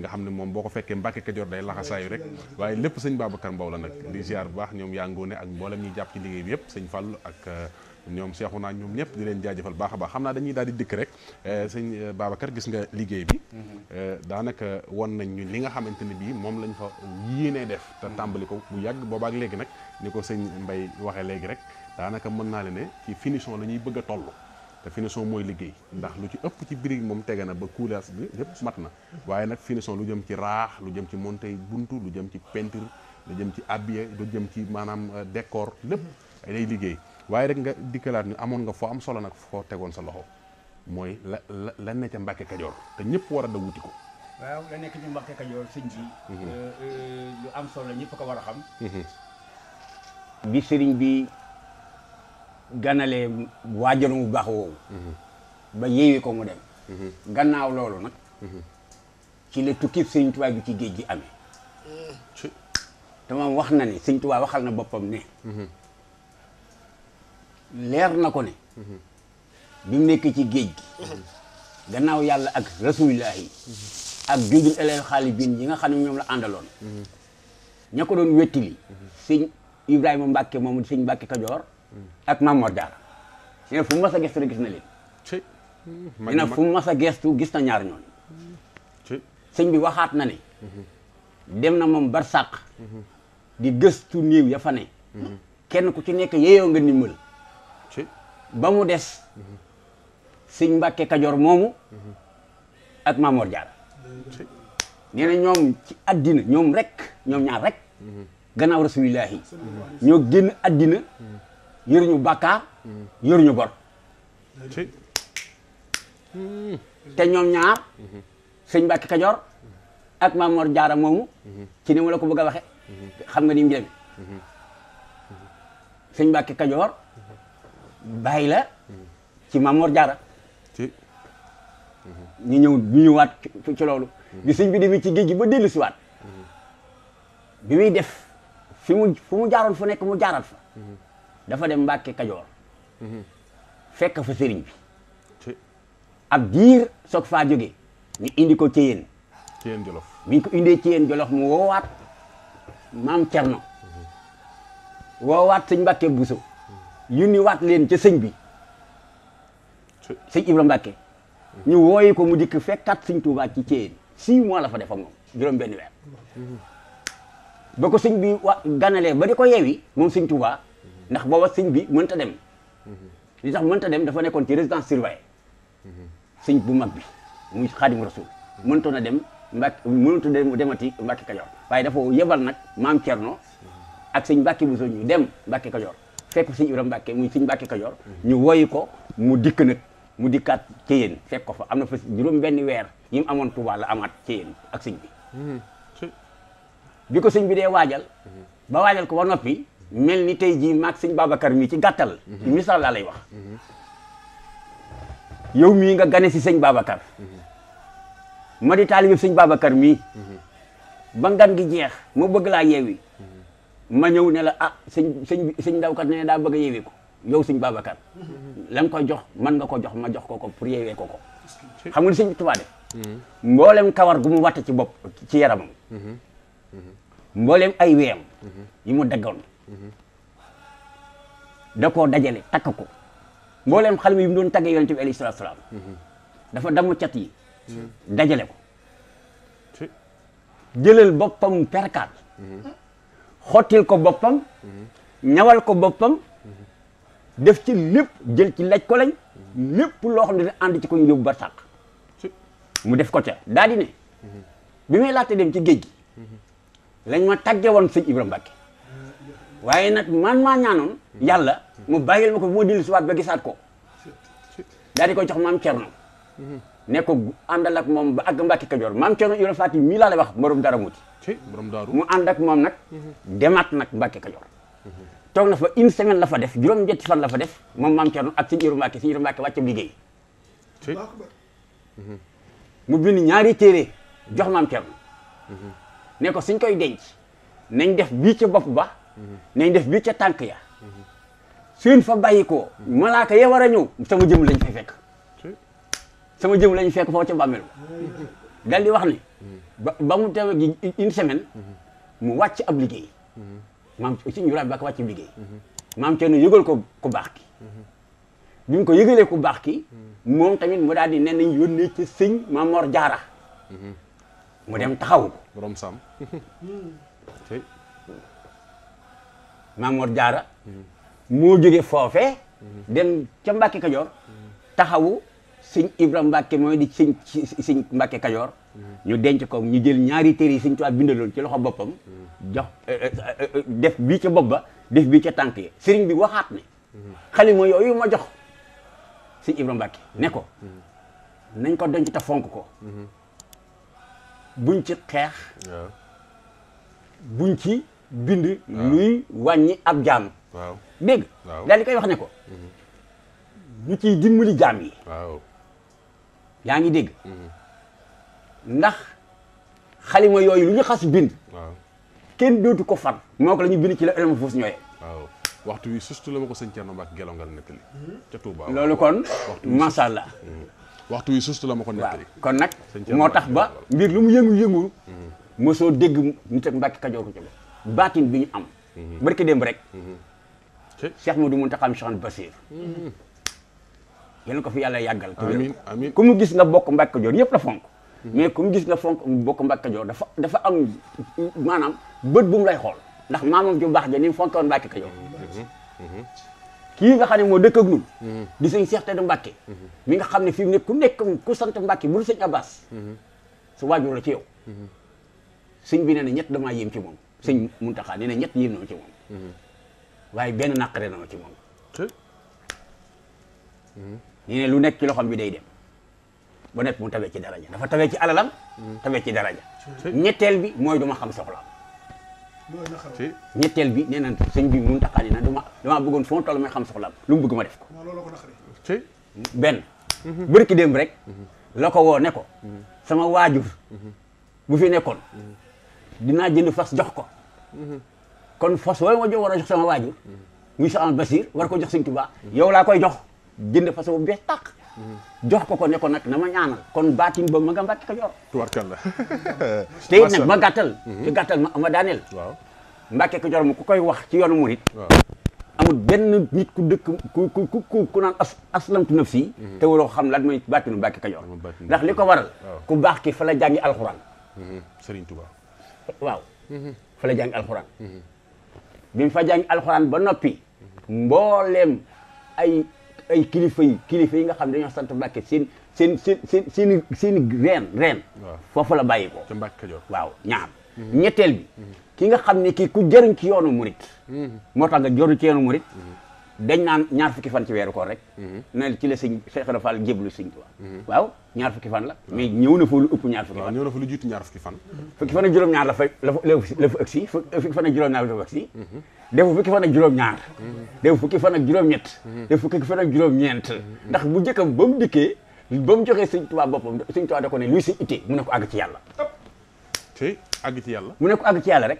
nga xam ne moom boo ko fekkee Mbàkke Kajoor day laxasaayu rek waaye lépp sëñ Babacar Mbow la nag di bu baax ñoom yaa ngoone ak mboolem ñi jàpp liggéey bi yëpp sëñ Fall ak ñoom seexu naa ñoom ñëpp di leen jaajëfal baax a baax xam naa dañuy daal di dikk rek eh, sëñ eh, Babacar gis nga liggéey bi mm-hmm. eh, daanaka won nañ ñu li nga xamante ne bii moom lañ fa yéenee def te mm-hmm. tàmbali ko bu yàgg boobaak léegi nag ni ko sëñ Mbay waxee léegi rek daanaka mën naa leen ne ci finition la ñuy bëgg a toll te finition mooy liggéey mm-hmm. ndax lu ci ëpp ci brique moom tege na ba coulage bi lépp mat na waaye nag finition lu jëm ci raax lu jëm ci montey buntu lu jëm ci peinture lu jëm ci abie lu jëm ci maanaam décor lépp liggéey waaye rek nga dikkalaat ni amoon nga foo am solo nag foo tegoon sa loxo mooy la la la ne ca Mbàkke Kajoor te ñëpp war a da wuti ko waaw la nekk ci Mbàkke Kajoor sëñ bi mhm. euh, euh, lu am solo la ñëpp ko war a xam mhm. bi sëriñ bi ganalee waajaru mu baax woowu mhm. ba ko mu dem gannaaw loolu nag ci la tukki sëriñ Tuubaa bi ci géej gi amee te moom wax na ne sëriñ Tuubaa waxal na boppam ne leer na ko ne bi nekk ci géej gi gannaaw yàlla ak rasulillah yi ak géejul eleel xaali biin nga xam ne ñoom la àndaloon ña ko doon wettili sëñ Ibrahima Mbacke moom sëñ Mbacke Kajoor ak Mamor Diarra nee na fu mu a gestu gis na leen nee na fu a gestu gis na ñaar ñooñu sëñ bi waxaat na ne mhm. dem na moom bar sàq mhm. di gëstu néew ya fa ne mhm. kenn ku ci nekk yeeyoo nga ndimbal Bamudes mu des sëñ Mbàkke Kajoor moomu ak Maamoor Jaara neena ñom ci adina ñom rek ñom ñaar rek gannaaw rasulillahi ñoo génn àddina yëruñu bàkkaar yëruñu bor te ñom ñaar sëñ Mbàkke Kajoor ak Maamoor Jaara momu ci ni la ko bëgg waxe xam nga ni bàyyi la ci Mamor Jaara ñu ñëw ñu ñëwaat ci loolu bi sëñ bi demee ci géej gi ba dellu si waat bi muy def fi mu fu mu jaaroon fu nekk mu jaaral fa dafa dem Mbàkke Kajoor fekk fa sëriñ bi ab diir soog faa jóge ñu indi ko Ceyeen Ceyeen Jolof bi ñu ko indee Ceyeen Jolof mu woowaat maam Cerno woowaat sëñ Mbàkke Buso yónniwaat leen ca sëñ bi sëñ Ibrahima Mbacke ñu wooyi ko mu dikk fekkaat sëñ Touba ci Thièyeen six mois la fa def ak moom juróom benn weer ba ko sëñ bi wa ganalee ba di ko yeewi moom sëñ Touba ndax booba sëñ bi mënta dem li tax mënta dem dafa nekkoon ci résidence surveillée sëñ bu mag bi muy Xaadimu Rasuul mëntoon a dem Mbacke mënut a demati Mbacke Kajoor waaye dafa yebal nag maam Thierno ak sëñ Mbacke Bousso ñu dem Mbacke Kajoor fekk sëñ Ibrahima Mbacke muy sëñ Mbacke Kajoor ñu woyi ko mu dikk nag mu dikkaat ci yéen fekk ko fa am na fa juróom benn weer yi amoon Touba la amaat ci yéen ak sëñ bi hmm. bi ko sëñ bi dee waajal ba waajal ko ba noppi mel ni tey jii maag sëñ Babacar mii ci gàttal ci misaal laa lay wax yow mii nga gane si sëñ Babacar ma di taalibe sëñ Babacar mii hmm. ba ngan gi jeex ma bëgg laa yeewi ma ñëw ne la ah sëñ sëñ sëñ ndawkat ne daa bëgg a yeewee ko yow sëñ Babacar la nga ko jox mën nga ko jox ma jox ko ko pour yeewee ko ko xam nga li sëñ Tuubaa def mboolem kawar gu mu watte ci bopp ci yaramam mboolem ay weyam yi mu daggoon da koo dajale takk ko mboolem xalima yi mu doon tagge yonent bi alayhi salaatu salaam dafa damu cat yi dajale ko jëlal boppam perkaat xottil ko boppam ñawal ko boppam def ci lépp jël ci laj ko lépp loo xam ne dafa ànd ci ko ñu yóbbu barsàq mu def ko ca daal ne bi may laata dem ci géej gi lañ ma tàgge woon sëñ Ibrahima Mbacke waaye nag man maa ñaanoon yàlla mu bàyyil ma ko bu ma dellu siwaat ba gisaat ko daal ko koy jox maam Cerno hmm. ne ko àndal ak moom ba ak Mbàkke Kajoor maam Cerno Ibrahima Faati mii laa lay wax borom dara muuti mu ànd ak moom nag mhm. demaat nag Mbàkke Kajoor toog na fa une semaine la fa def juróom ñetti fan la fa def moom maam Cerno ak sëñ Ibrahima Mbàkke sëñ Ibrahima Mbàkke wàccam liggéey mhm. mu bind ñaari téere jox maam Cerno mhm. ne ko suñ koy denc nañ def bii ca bopp ba nañ def bii ca tànk ya suñ fa bàyyi ko malaaka ya war a ñëw sama jëm lañ fay fekk sama jëm lañu fekk foofu ca bàmmeel dal di wax ni ba mu teew une semaine mu wàcc ab liggéey maam ci ñu raam bak wàcc ab liggéey maam Thierno yëgal ko ku baax ki bi ko yëgalee ku baax ki moom tamit mu daal di ne nañ yónnee ca sëñ Maam Mor Jaara mu dem taxawu ko borom sam Maam Mor Jaara foofe dem ca Mbàkke Kajoor taxawu sëñ Ibrahima Mbacke mooy di sëñ sëñ Mbacke Kajoor ñu denc ko ñu jël ñaari téere yi sëñ Tuubaa bindaloon ci loxo boppam euh, euh, euh, bii ca bopp ba def bii ca tànk sëriñ bi waxaat ne xalima jox sëñ Ibrahima Mbacke ne ko nañ ko denc te fonk ko buñ ci xeex buñ ci bind luy wàññi ab jaam waaw dégg daal di koy wax ne ko mhm. ñu ciy dimbali jaam yi Yang ngi dégg mm-hmm. ndax xalima yooyu lu kasih xas bind kenn dootu ko far moo ko la ñu bind ci la elma fuus ñooye waaw waxtu wi surtout la ma ko sëñ Gelo mm-hmm. Touba kon masalah. Waktu mm-hmm. waxtu wi surtout la ma ko kon ba mbir lu mu yëngu musuh mosoo dégg nit ak Mbacke batin ko ci baatin bi am barki démb rek Cheikh Modou Mountakha Cheikh yéen ko fi yàlla yàggal. amiin amiin ku mu gis nga bokk Mbàkke Kajoor yëpp la fonk. mais ku gis nga fonk bokk Mbàkke Kajoor dafa dafa am maanaam bët bu lay xool ndax maamam ju baax ja ni mu fonkoon Mbàkke Kajoor. kii nga xam ne moo dëkk ak di sëñ Cheikh Tade Mbacke. mi nga xam ne fi mu ne ku nekk ku sant Mbacke bu dul sëñ Abbas. su waajur la ci yow. sëñ bi nee na ñett damaa yéem ci moom sëñ Muntaxa nee na ñett yéem na ci moom. waaye benn naqare na ma ci moom. ñu ne lu nekk ci loxoom bi day dem ba nekk mu tawee ci daraja dafa tawee ci alalam tawee ci daraja ñetteel bi mooy duma xam soxlaam ñetteel bi nee na sëñ bi mun taxaa ni na dama damaa bëggoon foo toll may xam soxlaam lu bëgg ma def ko benn mhm. bërki dem rek la ko woo ko mhm. sama waajur mhm. bu fi nekkoon dinaa jënd fas jox ko kon fas wooyu ma jox war jox sama waajur muy sa am basir war ko jox sëñ Tuubaa yow laa koy jox jënd façon bu bees tàq jox ko ko ne ko nag na ma ñaanal kon baatin ba ma nga mbàkk ka yor te it nag ma gàttal mhm. ci gàttal ma ma daaneel waaw mbàkke ko mu ku koy wax ci yoonu murit amul benn nit ku dëkk ku ku ku ku naan as aslamtu nafsi mhm. te waroo xam lan mooy baatinu mbàkke ka yor ndax li ko waral ku baax ki fa la jàngi alxuraan mhm. Serigne Touba fa la jàngi alxuraan bi mu fa jàngi alxuraan ba noppi mbooleem ay ay kilifa yi kilifa yi nga xam ne dañoo sant Mbàkke seen seen seen seen seen i reen reen foofu la bàyyi ko waaw ñaar mhm. ñetteel bi mhm. ki nga xam ne kii ku jëriñ ci yoonu murit mhm. moo tax nga jëriñ ci yoonu murit dañ naan ñaar fukki fan ci weeru koor rek mhm. na ci la sëñ Cheikh Ibra Fall jéblu sëñ Tuubaa mhm. waaw ñaar fukki fan la mais ñëw na fa lu ëpp ñaar fukki fan ñëw na fa lu jiitu ñaar fukki fan fukki fan ak juróom-ñaar la fa la fa agsi fukki fan ak juróom-ñaar la fa agsi mhm. defu fukki fan ak juróom-ñaar defu fukki fan ak juróom-ñett defu fukki fan ak juróom-ñeent ndax bu njëkkam ba mu dikkee ba mu joxee sëñ Tuubaa boppam sëñ Tuubaa da ko ne luy sa ittee mu ne ko àgg ci yàlla te àgg ci yàlla mu ne ko àgg ci yàlla rek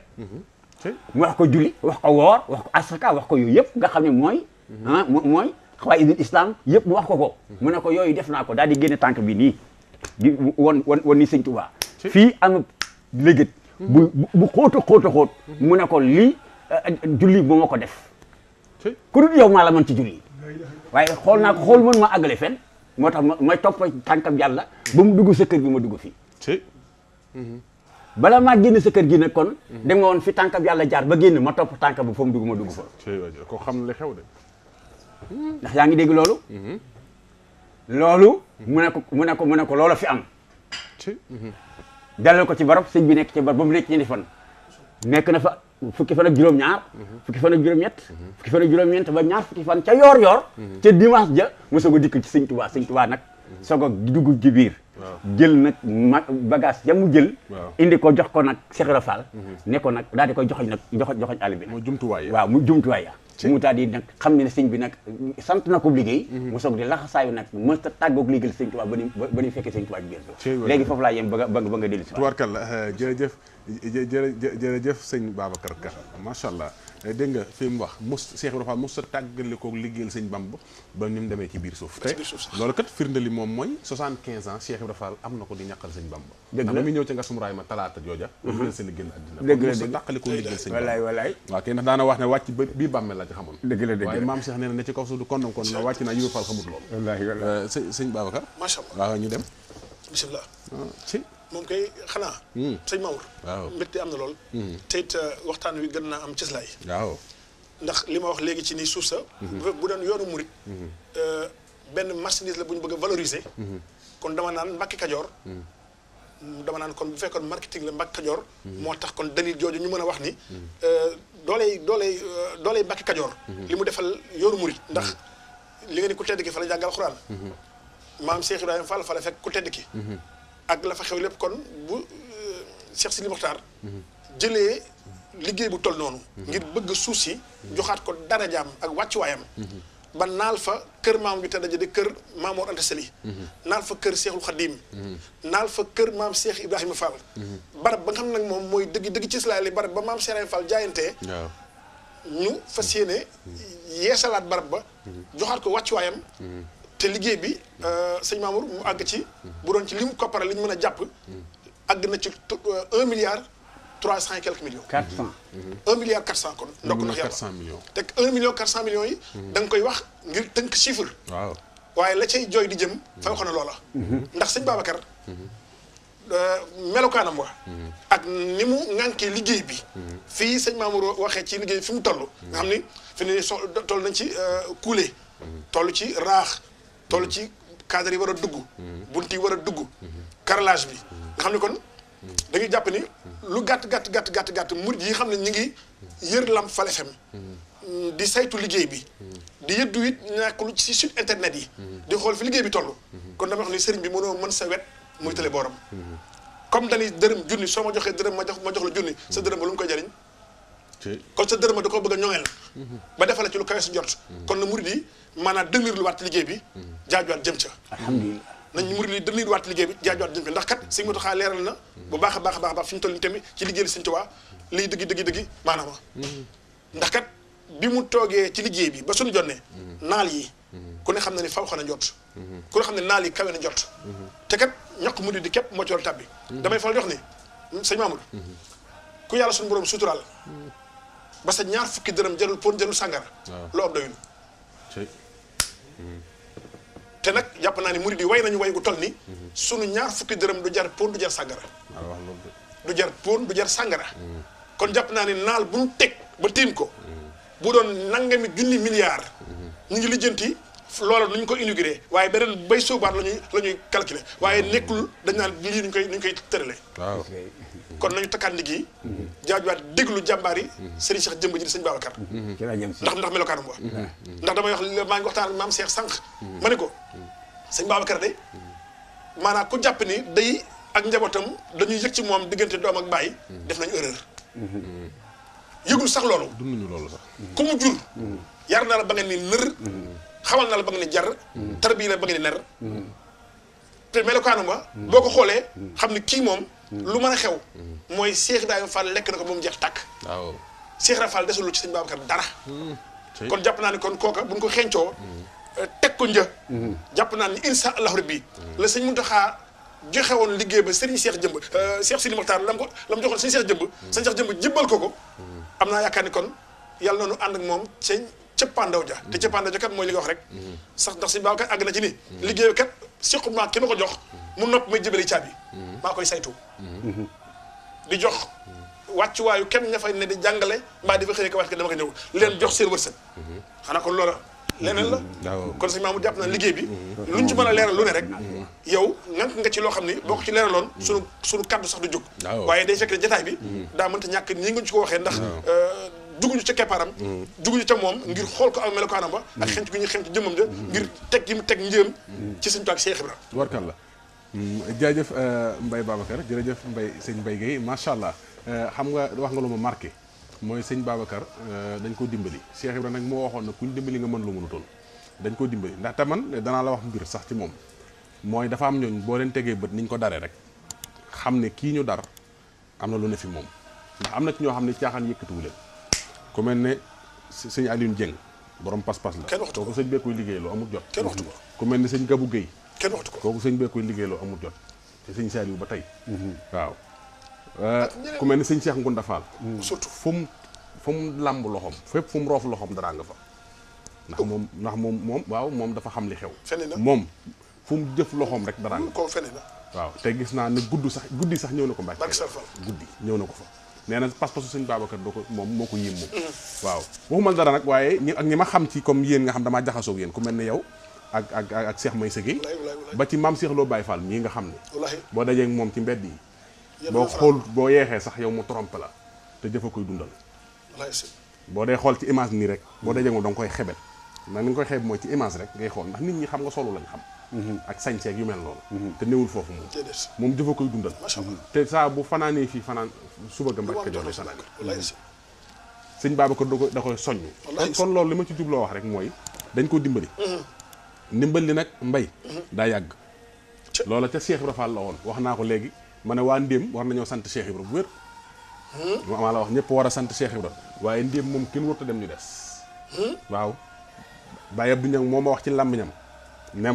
mu wax ko julli wax ko woor wax ko asaka wax ko yooyu yëpp nga xam ne mooy ah, mooy xawaa islam yëpp mu wax ko ko mu ne ko yooyu def naa ko daal di génne tànk bi nii di won won won ni sëñ Tuubaa fii am légét bu bu xóota xóota xóot hmm. mu ne ko lii eh, eh, julli bu ma ko def ku dul yow maa la mën ci julli waaye xool naa ko xool mën ma àggale fen moo tax ma may topp tànkam yàlla ba mu dugg sa kër bi ma dugg fii hmm. bala ma génn sa keur gi nak kon mhm. dem nga won fi tankab yalla jaar ba génn ma topp tànk ba foofu dugg ma dugg fa ko xam li xew de hmm. ndax yaa ngi dégg lolu mhm. loolu mu ne ko mu ne ko mu ne ko loola fi am mhm. dalal ko ci barab sëñ bi nek ci barab bu mu ci ni fan nek na fa fukki fan ak juroom ñaar fukki fan ak juroom ñet fukki fan ak juroom ñent ba ñaar fukki fan ca yor yor ca dimanche ja musugo dik ci sëñ touba sëñ touba nak sogo a ci bir jël nag ma bagage ya mu jël. indi ko jox ko nag Cheikh Ibra Fall. Mhm. ne ko nag daal di koy joxoñ nag joxoñ joxoñ àll bi. mu jumtuwaay waaw mu jumtuwaay mu daal di nag xam ne ne sëñ bi nag sant na ko liggéey mhm. mu soog di laxasaayu nag mën ta tàggoog liggéey sëñ Tuubaa ba ni ba ni fekkee sëñ Tuubaa bi génn léegi foofu laa yem ba nga ba nga dellu si tubaarkalla jërëjëf jërëjëf sëñ Babacar Ka macha allah Eh, dégg nga fi mu wax mos Cheikh Ibrahima Fall mos demee ci biir suuf te moom mooy 75 ans Cheikh Ibrahima Fall sa mhm. liggéeyal a liggéeyal sëñ Bamba wallaay wallaay ba bii bàmmeel la ci xamoon na ne ci kaw suuf du kondam eh, ñu dem bismillah ah, ci moom kay xanaa. Hmm. sëñ Maour. waaw mbégte am na lool. Hmm. te euh, waxtaan wi gën naa am cëslaay. waaw ndax li ma wax léegi ci nii suuf sa. Hmm. bu doon yoonu murit. Euh, benn marchandise la bu ñu bëgg a valoriser. kon dama naan Mbàkke Kajoor. dama naan kon bu fekkoon marketing la Mbàkke Kajoor. moo tax kon dalil jooju ñu mën a wax ni. Euh, dooley dooley dooley Mbàkke Kajoor. li mu defal yoonu murit ndax li nga ni ku tedd ki fa la jàngal xuraan. maam Cheikh Ibrahima Fall fa la fekk ku tedd ki. ak la fa xew lépp kon bu euh, Cheikh Sidi Mokhtar jëlee liggéey bu toll noonu ngir bëgg suuf si joxaat ko darajaam ak wàccuwaayam ba naal fa kër maam bi tëdd di kër Maamoor Anta Sali naal fa kër Seexul Xadiim naal fa kër maam Seex Ibrahima Fall barab ba nga xam nag moom mooy dëgg dëgg ci islaali barab ba maam Seex Ibrahima Fall jaayantee ñu fas yéene yeesalaat barab ba joxaat ko wàccuwaayam te liggéey bi euh, sëñ Mamour mu àgg ci bu doon ci li mu koppara li ñu mën a jàpp àgg na ci euh, un milliard trois cent et quelques millions. quatre cent. Mm-hmm. un milliard quatre cent kon. ndokk ndax yàlla te un million quatre cent millions yi. Mm-hmm. da nga koy wax ngir tënk chiffre. waaw waaye la ci jooy di jëm. fa waxoon na loola. Mm-hmm. ndax sëñ Babacar. Euh, melokaanam wa ak ni mu ŋànkee liggéey bi. fii sëñ Mamour waxee ci liggéey fi mu toll. nga xam ni fi ne toll nañ ci kuule. toll ci raax. toll ci cadre yi war a dugg bunt yi war a dugg carrelage bi nga xam ne kon dañuy jàpp ni lu gàtt gàtt gàtt gàtt gàtt murid yi xam ne ñu ngi yër Lamp Fall FM di saytu liggéey bi di yëddu it nekkul ci site internet yi di xool fi liggéey bi toll kon dama wax ni sëriñ bi mënoo mën sa wet muy tële booram comme dañuy dërëm junni soo ma joxee dërëm ma jox ma jox la junni sa dërëm ba lu mu koy jariñ kon sa dërëm da ko bëgg a ñoŋeel mhm. ba defal ci lu kawe su jot mhm. kon na murid yi maanaam dënir lu waat liggéey bi mhm. jaajuwaat jëm ca alhamdulilah nañ murid yi dënir waat liggéey bi jaajuwaat jëm ca ndax kat sëñ Mountakha leeral na bu baax a baax a baax baax fi mu toll nii tamit ci liggéey li sëñ Tuubaa liy dëgg dëgg dëgg maanaam bi mu toogee ci liggéey bi ba suñu jonnee naal yi ku ne xam ne ni faw xana jot ku ne xam ne naal yi kawe na jot te kat ñokk murid di képp moo ci war tabbi damay fal jox ni sëñ Mamadou ku yàlla suñu borom suturaal ba sa ñaar fukki dërëm jarul pour jarul sàngara loo am doyul mm-hmm. te nag jàpp naa ni murid yi way nañu way gu toll ni mm-hmm. sunu ñaar fukki dërëm du jar pour du jar sàngara du jar pour du sàngara mm-hmm. kon jàpp naa ni naal bu ñu teg ba tiim ko bu doon nangami junni milliard ñu ngi lijjanti loola nu ñu ko inauguré waaye beneen bay soobaat la ñuy la ñuy calculé waaye nekkul dañ naan lii ñu koy ñu koy tërale waaw kon nañu takkaat ndigg yi jaajuwaat déglu jàmbaar yi mhm. sëriñ Cheikh jëmb ji di sëñ Babacar mhm. ndax ndax melokaanam wax mhm. ndax damay wax maa ngi waxtaan maam Cheikh sànq ma ne ko sëñ Babacar de maanaa ku jàpp ni day ak njabootam dañuy yëg ci moom diggante doom ak bàyyi def nañu erreur yëgul sax loolu dunduñu loolu sax ku mu jur yar na la ba ngeen ni nër xamal na la ba nga ne jar. Mm. tarbi la ba nga ne ner. Mm. te melokaanu ma. Mm. boo ko xoolee xam ne kii moom. lu man a xew. mooy Cheikh Ibrahima Fall lekk na ko ba mu jeex tàkk. waaw Cheikh Ibrahima Fall ci sëñ Babacar dara. kon jàpp naa ne kon kooka bu ñu ko xeeñcoo. Euh, teg ko një. jàpp naa ne insha allahu bi la sëñ Mountakha joxe woon liggéey ba Serigne Cheikh Jëmb. Euh, Cheikh Sidi Mokhtar la mu ko la mu joxoon sëñ Cheikh Jëmb. sëñ Cheikh Jëmb jibbal ko ko. am naa yaakaar ni kon yàlla na ànd ak moom sëñ cëppaandaw ja te cëppaandaw ja kat mooy li nga wax rek sax ndax suñu baaw kat àgg na ci ki ma ko jox mu nopp may jëbali caabi maa koy saytu di jox wàccuwaayu kenn ña fay ne di jàngale mbaa di fa xëy ko wax dama ko ñëw leen jox seen wërsëg xanaa kon loola leneen la kon sëñ Mamour jàpp na liggéey bi luñ ci mën a leeral lu ne rek yow ngànk nga ci loo xam ni boo ko ci leeraloon sunu sunu kaddu sax du jóg waaye day fekk ne jataay bi mm. daa mënta ñàkk nii nga ci ko juguñu ca keppaaram juguñu ca moom ngir xool ko ak melokaanam ba ak xent gi ñu xent jëmmam ngir teg gi mu teg njéem ci sëñ Tuubaa ak Cheikh la mm, jaajëf euh, Mbaye Babacar jërëjëf Mbaye sëñ Mbaye Guèye macha allah euh, xam nga wax nga lu ma mooy sëñ Babacar euh, dañ ko dimbali Cheikh Ibra nag moo waxoon na kuñ dimbali nga mën lu mënutoon dañ ko dimbali ndax man danaa la wax mbir sax ci moom mooy dafa am boo leen tegee bët niñ ko daree rek xam ne kii ñu dar am na lu ne fi moom ndax am na ci ñoo xam ne caaxaan yëkkatiwu leen ku mel ne sëñ Alioune Dieng borom pas-pas la. kenn waxtu ko kooku sëñ bee koy liggéey loo amul jot. kenn waxtu ku mel ne sañ Gabou Guèye. kenn waxtu ko kooku sëñ bee koy liggéey loo amul jot te sëñ Saliou ba tey. Mhm. waaw. Eh, ku mel ne sëñ Cheikh Ngounda Fall. Mhm. surtout fu mu fu mu làmb loxoom fépp fu mu roof loxoom dara nga fa. ndax oh. moom ndax moom moom waaw moom dafa xam li xew. feneen na moom fu mu jëf loxoom rek dara nga. koo waaw te gis naa ne gudd sax guddi sax ñëw na ko Mbacke. guddi ñëw na ko fa. nee na pas-pasu sëñ Babacar doo moom moo ko yéem moom waaw waxuma dara nag waaye ñi ak ñi ma xam ci comme yéen nga xam damaa jaxasoog yéen ku mel ne yow ak ak ak Cheikh May Sëgey ba ci maam seexloo Lo Baye mii nga xam ne boo dajee ak moom ci mbedd yi boo xool boo yeexee sax yow mu tromp la te jëfa koy dundal boo dee xool ci image nii rek boo dajee ak moom da nga koy xebet nag ni nga koy xeeb mooy ci image rek ngay xool ndax nit ñi xam nga solo lañ xam Mm-hmm. ak sañseeg yu mel noonu mm-hmm. te newul foofu moom moom dafa koy dundal te saa bu fanaanee fii fanaan suba ga Mbàkke Kajoor la fanaan sëñ Babacar da koy da koy soññ kon loolu li ma ci jubloo wax rek mooy dañ koo dimbali mm-hmm. ndimbal li nag mbay daa yàgg loola ca Cheikh Ibra Fall la woon wax naa ko léegi ma ne waa ndéem war nañoo sant Cheikh Ibra bu wér maa la wax ñëpp war a sant Cheikh Ibra waaye ndéem moom kenn warut a dem ñu des waaw Baye Abdou Niang moo ma wax ci làmmiñam ne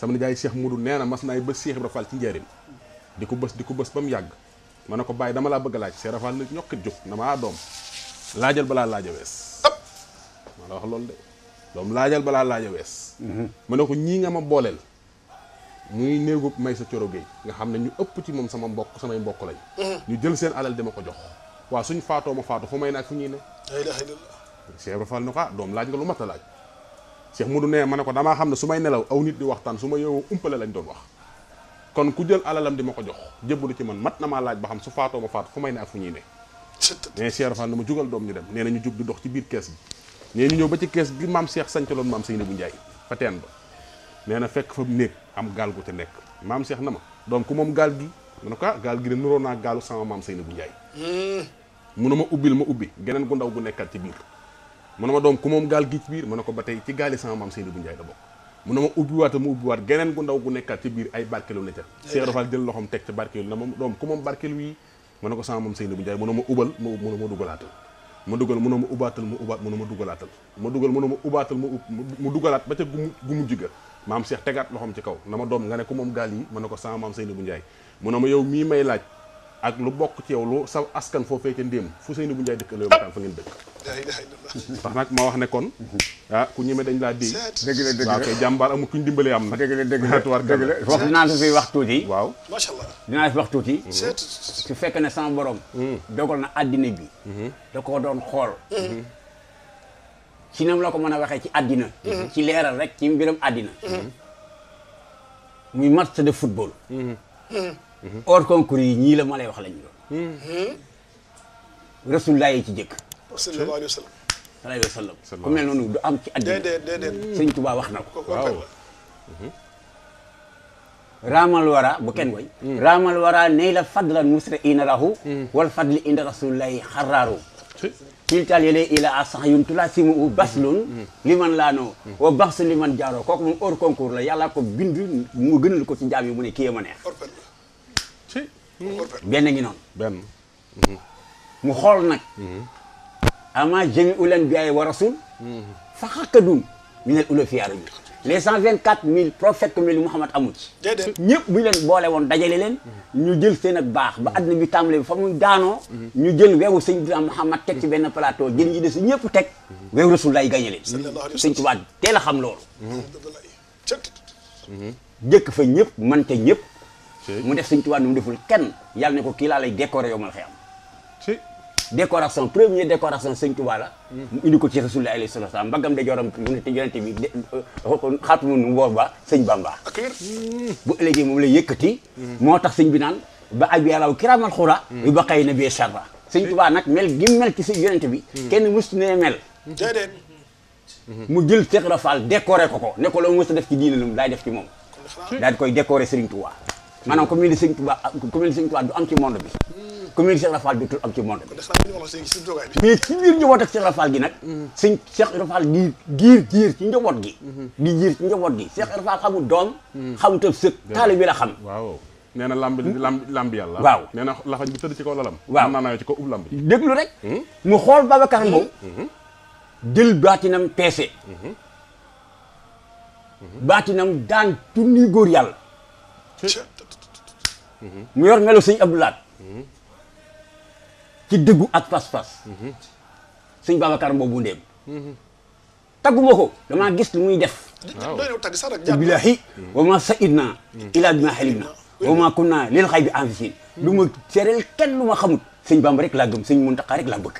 sama nijaay Cheikh Moudou nee na mas naay bës Cheikh Ibra Fall ci njëriñ di ko bës di ko bës ba mu yàgg ma ne ko bàyyi dama laa bëgg laaj Cheikh Ibra Fall na ñokkit na maa doom laajal balaa laaja wees ma doom laajal balaa laaja wees mhm. ma ne ko ñii nga ma booleel muy néegub may sa coro géey nga xam ne ëpp ci moom sama mbokk samay mbokk lañ mhm. ñu jël seen alal di ma ko jox waaw suñ faatoo ma faatu fu may ne ak fu ñuy ne ah, doom laaj nga lu mat a laaj cheikh mudu ne ma ne ko damaa xam ne nelaw aw nit di waxtaan su ma yeewoo lañ doon wax kon ku jël alalam di mako joh. jox jébbalu ci man mat na maa laaj ba xam su faatoo ma faat fu may ne ak fu ne ne cheikh rafan ma jugal doom ñu dem nee ñu jug di dox ci biir kees gi ñu ñëw ba ci kees gi maam cheikh sancaloon maam sëñ bu fa fekk fa am gal gu te nekk maam cheikh na ma ku gi ah, hmm. mu ne gi de sama mam sëñ bu njaay mu ubil ma ubi geneen gu ndaw gu mu ne ma doom ku moom gaal gi ci biir mu ne ko ba tey ci gaali sama maam Seydou bu Ndiaye la bokk mu ne ma ubbiwaat mu ubbiwaat geneen gu ndaw gu nekkaat ci biir ay barkeelu ne ca Cheikh Rafal jël loxoom teg ca barkeelu ne moom doom ku moom barkeelu yi mu ne ko sama maam Seydou bu ma dugalaatal ma dugal mu ne ma ubaatal mu ubaat mu ne ma dugalaatal ma mu ne maam Cheikh tegaat loxoom ci kaw na ma doom nga ne ku moom gaal yi mu a ko sama maam Seydou bu Ndiaye mu a ma yow mii may laaj ak lu bokk ci yow lu sa askan foo feete ndéem fu sëy ni bu njaay dëkk ëllëg waxtaan fa ngeen dëkk ndax nag ma wax ne kon ah ku ñeme dañ laa déy dëgg la dëgg la waaw kay jàmbaar amul kuñ dimbalee am na dëgg wax fi wax tuuti waaw macha allah fi wax tuuti mhm. su fekk ne sama borom mhm. dogal na addina bi mhm. da ko doon xool ci nam la ko mën a waxee ci àddina ci leeral rek ci mbiram addina muy match de football hors concours yi ñii la ma lay wax lañu doon. Hmm? rasulullah yi ci jëkk. sallallahu alayhi mel noonu du am ci àddina. wax na ko. waaw. raamal wara bu kenn koy. Hmm. Hmm. raamal wara ney la fadlan musra ina rahu. wal fadli inda rasulillahi xaraaru. kiltal yele ila a sax yum tula simu u baslun li man laanoo wa baxsu li jaaroo kooku moom concours la yàlla ko bind mu gënal ko ci jaam yi mu ne kii ma neex benn ngi noonu. benn. Mhm. mu xool nag. Mhm. ama jëmi ulan bi ay wa rasul. Mhm. fa xaqadun ñu ne ula fiyaara bi les cent vingt quatre mille prophètes comme li Muhammad amul ci ñëpp bu ñu leen boole woon dajale leen ñu jël seen ak baax ba àdduna bi tàmbale bi fa mu daanoo ñu jël weewu sëñ dina Muhammad teg ci benn plateau jël yi des ñëpp teg weewu rasul lay gañe leen sëñ Tuubaa teel a xam loolu jëkk fa ñëpp mante ñëpp mu def sëñ Tuubaa nu mu deful kenn ko kii laa lay décorer yow mal xëy am décoration première décoration sëñ Tuubaa la hmm. mu ko ci Rasulullah alayhi salaatu salaam de joram mu ne te yonente bi euh, euh, xaatumu nu mboor ba sëñ Bamba hmm. bu ëllëgee yëkkati hmm. moo tax sëñ bi naan ba ak yàllaw kiraamal xura yu ba xëy na bee sarba sëñ Tuubaa nag mel gi mel ci sëñ yonente bi kenn mustu ne mel mu jël Cheikh Rafal décoré ko ko ne ko loo mës a def ci diine lu mu def ci moom daal di koy décoré Serigne Touba maanaam commune Serigne Touba commune Serigne Touba du am ci monde bi hmm. commune Cheikh Rafal du am mais ci biir njaboot ak Cheikh Rafal gi nag hmm. sëñ Cheikh Rafal gi giir giir ci njaboot gi hmm. di giir ci doom xamut ab sët taali la xam waaw nee na lamb yàlla waaw nee na lafañ bi tëdd ci kaw lalam waaw naa rek mu xool Babacar Mbow jël baatinam peese baatinam daan tunni góor yàlla mu yor melo sëñ Abdou Lahad ci dëggu ak pas-pas sëñ Babacar boobu ndéem tagguma ko damaa gis lu muy def billahi wa ma sayidna ila bima halimna wa ma kunna lil xaybi anfisin lu ma sereel kenn lu ma xamut sëñ Bamba rek laa gëm sëñ Muntaxa rek laa bëgg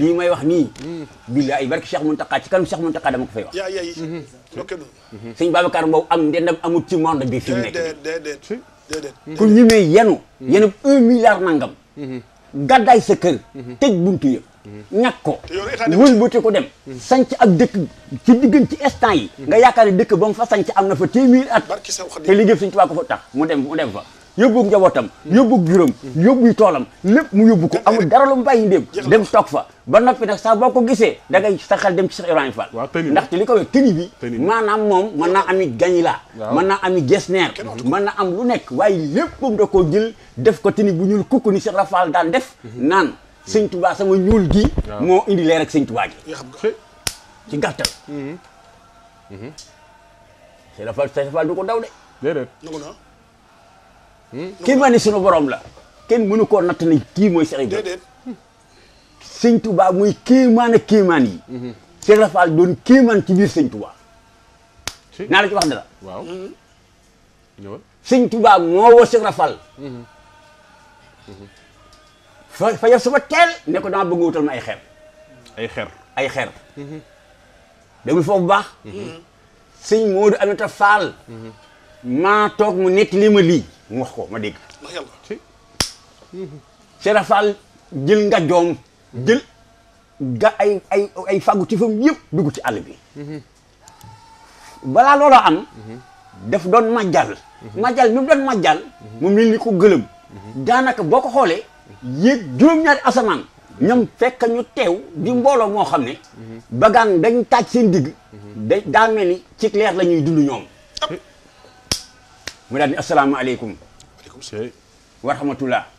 lii may wax nii hmm. billaay barki Cheikh Mountakha ci kanam Cheikh Mountakha dama ko fay wax hmm. hmm. sëñ Babacar Mbow am ndendam amul ci monde bi fi mu nekk ku ñu may yenu yenu un milliard nangam gàddaay sa kër tëj buntu yëpp ñàkk ko wëlbati ko dem sanc ak dëkk ci diggan ci instant yi nga yaakaar ne dëkk ba mu fa sanc am na fa téeméer at te liggéey suñu tubaab ko fa tax mu dem mu dem fa yóbbu njabootam yóbbu juróom yóbbu toolam lépp mu yóbbu ko amul dara lu mu bàyyi ndéem dem toog fa ba noppi nag saa boo ko gisee da ngay sa xel dem ci Cheikh Ibrahima Fall ndaxte li ko wér tëni bi maanaam moom mën naa ami gañila mën naa ami gesneer mën naa am lu nekk waaye léppam da koo jël def ko tëni bu ñuul kukk ni Cheikh Ibrahima Fall daan def mhm. naan sëñ tubaa sama ñuul gi moo indi leer ak sëñ tubaa gi ci gàttal mhm. Mhm. Cheikh Ibrahima Fall du ko Hmm? kii ma ni sunu borom la kenn mënu ko natt nañ kii mooy Cheikh Ibrahima sëñ Touba muy kéemaan ak kéemaan yi hmm. doon kéemaan ci biir sëñ Touba naa la ci wax dara waaw hmm. sëñ Touba moo woo Cheikh Rafal fa fa yaf sama teel ne ko dama wutal ma ay xeer ay xeer ay xeer déglu foofu baax sëñ Modou Aminata Fall maa toog mu nettali ma lii mu wax ko ma dégg. Serap jël nga joom jël ga ay ay ay fàggu fam yëpp dugg ci àll bi. balaa looloo am. daf doon majjal. majjal mi mu doon majjal. mu mel ni ko gëlëm. daanaka boo ko xoolee. yéeg juróom-ñaari asamaan. ñoom fekk ñu teew di mbooloo moo xam ne. bagaan dañ taaj seen digg. daa mel ni ci leer la ñuy dund ñoom. mu daal di asalaamaaleykum. waaleykum salaam.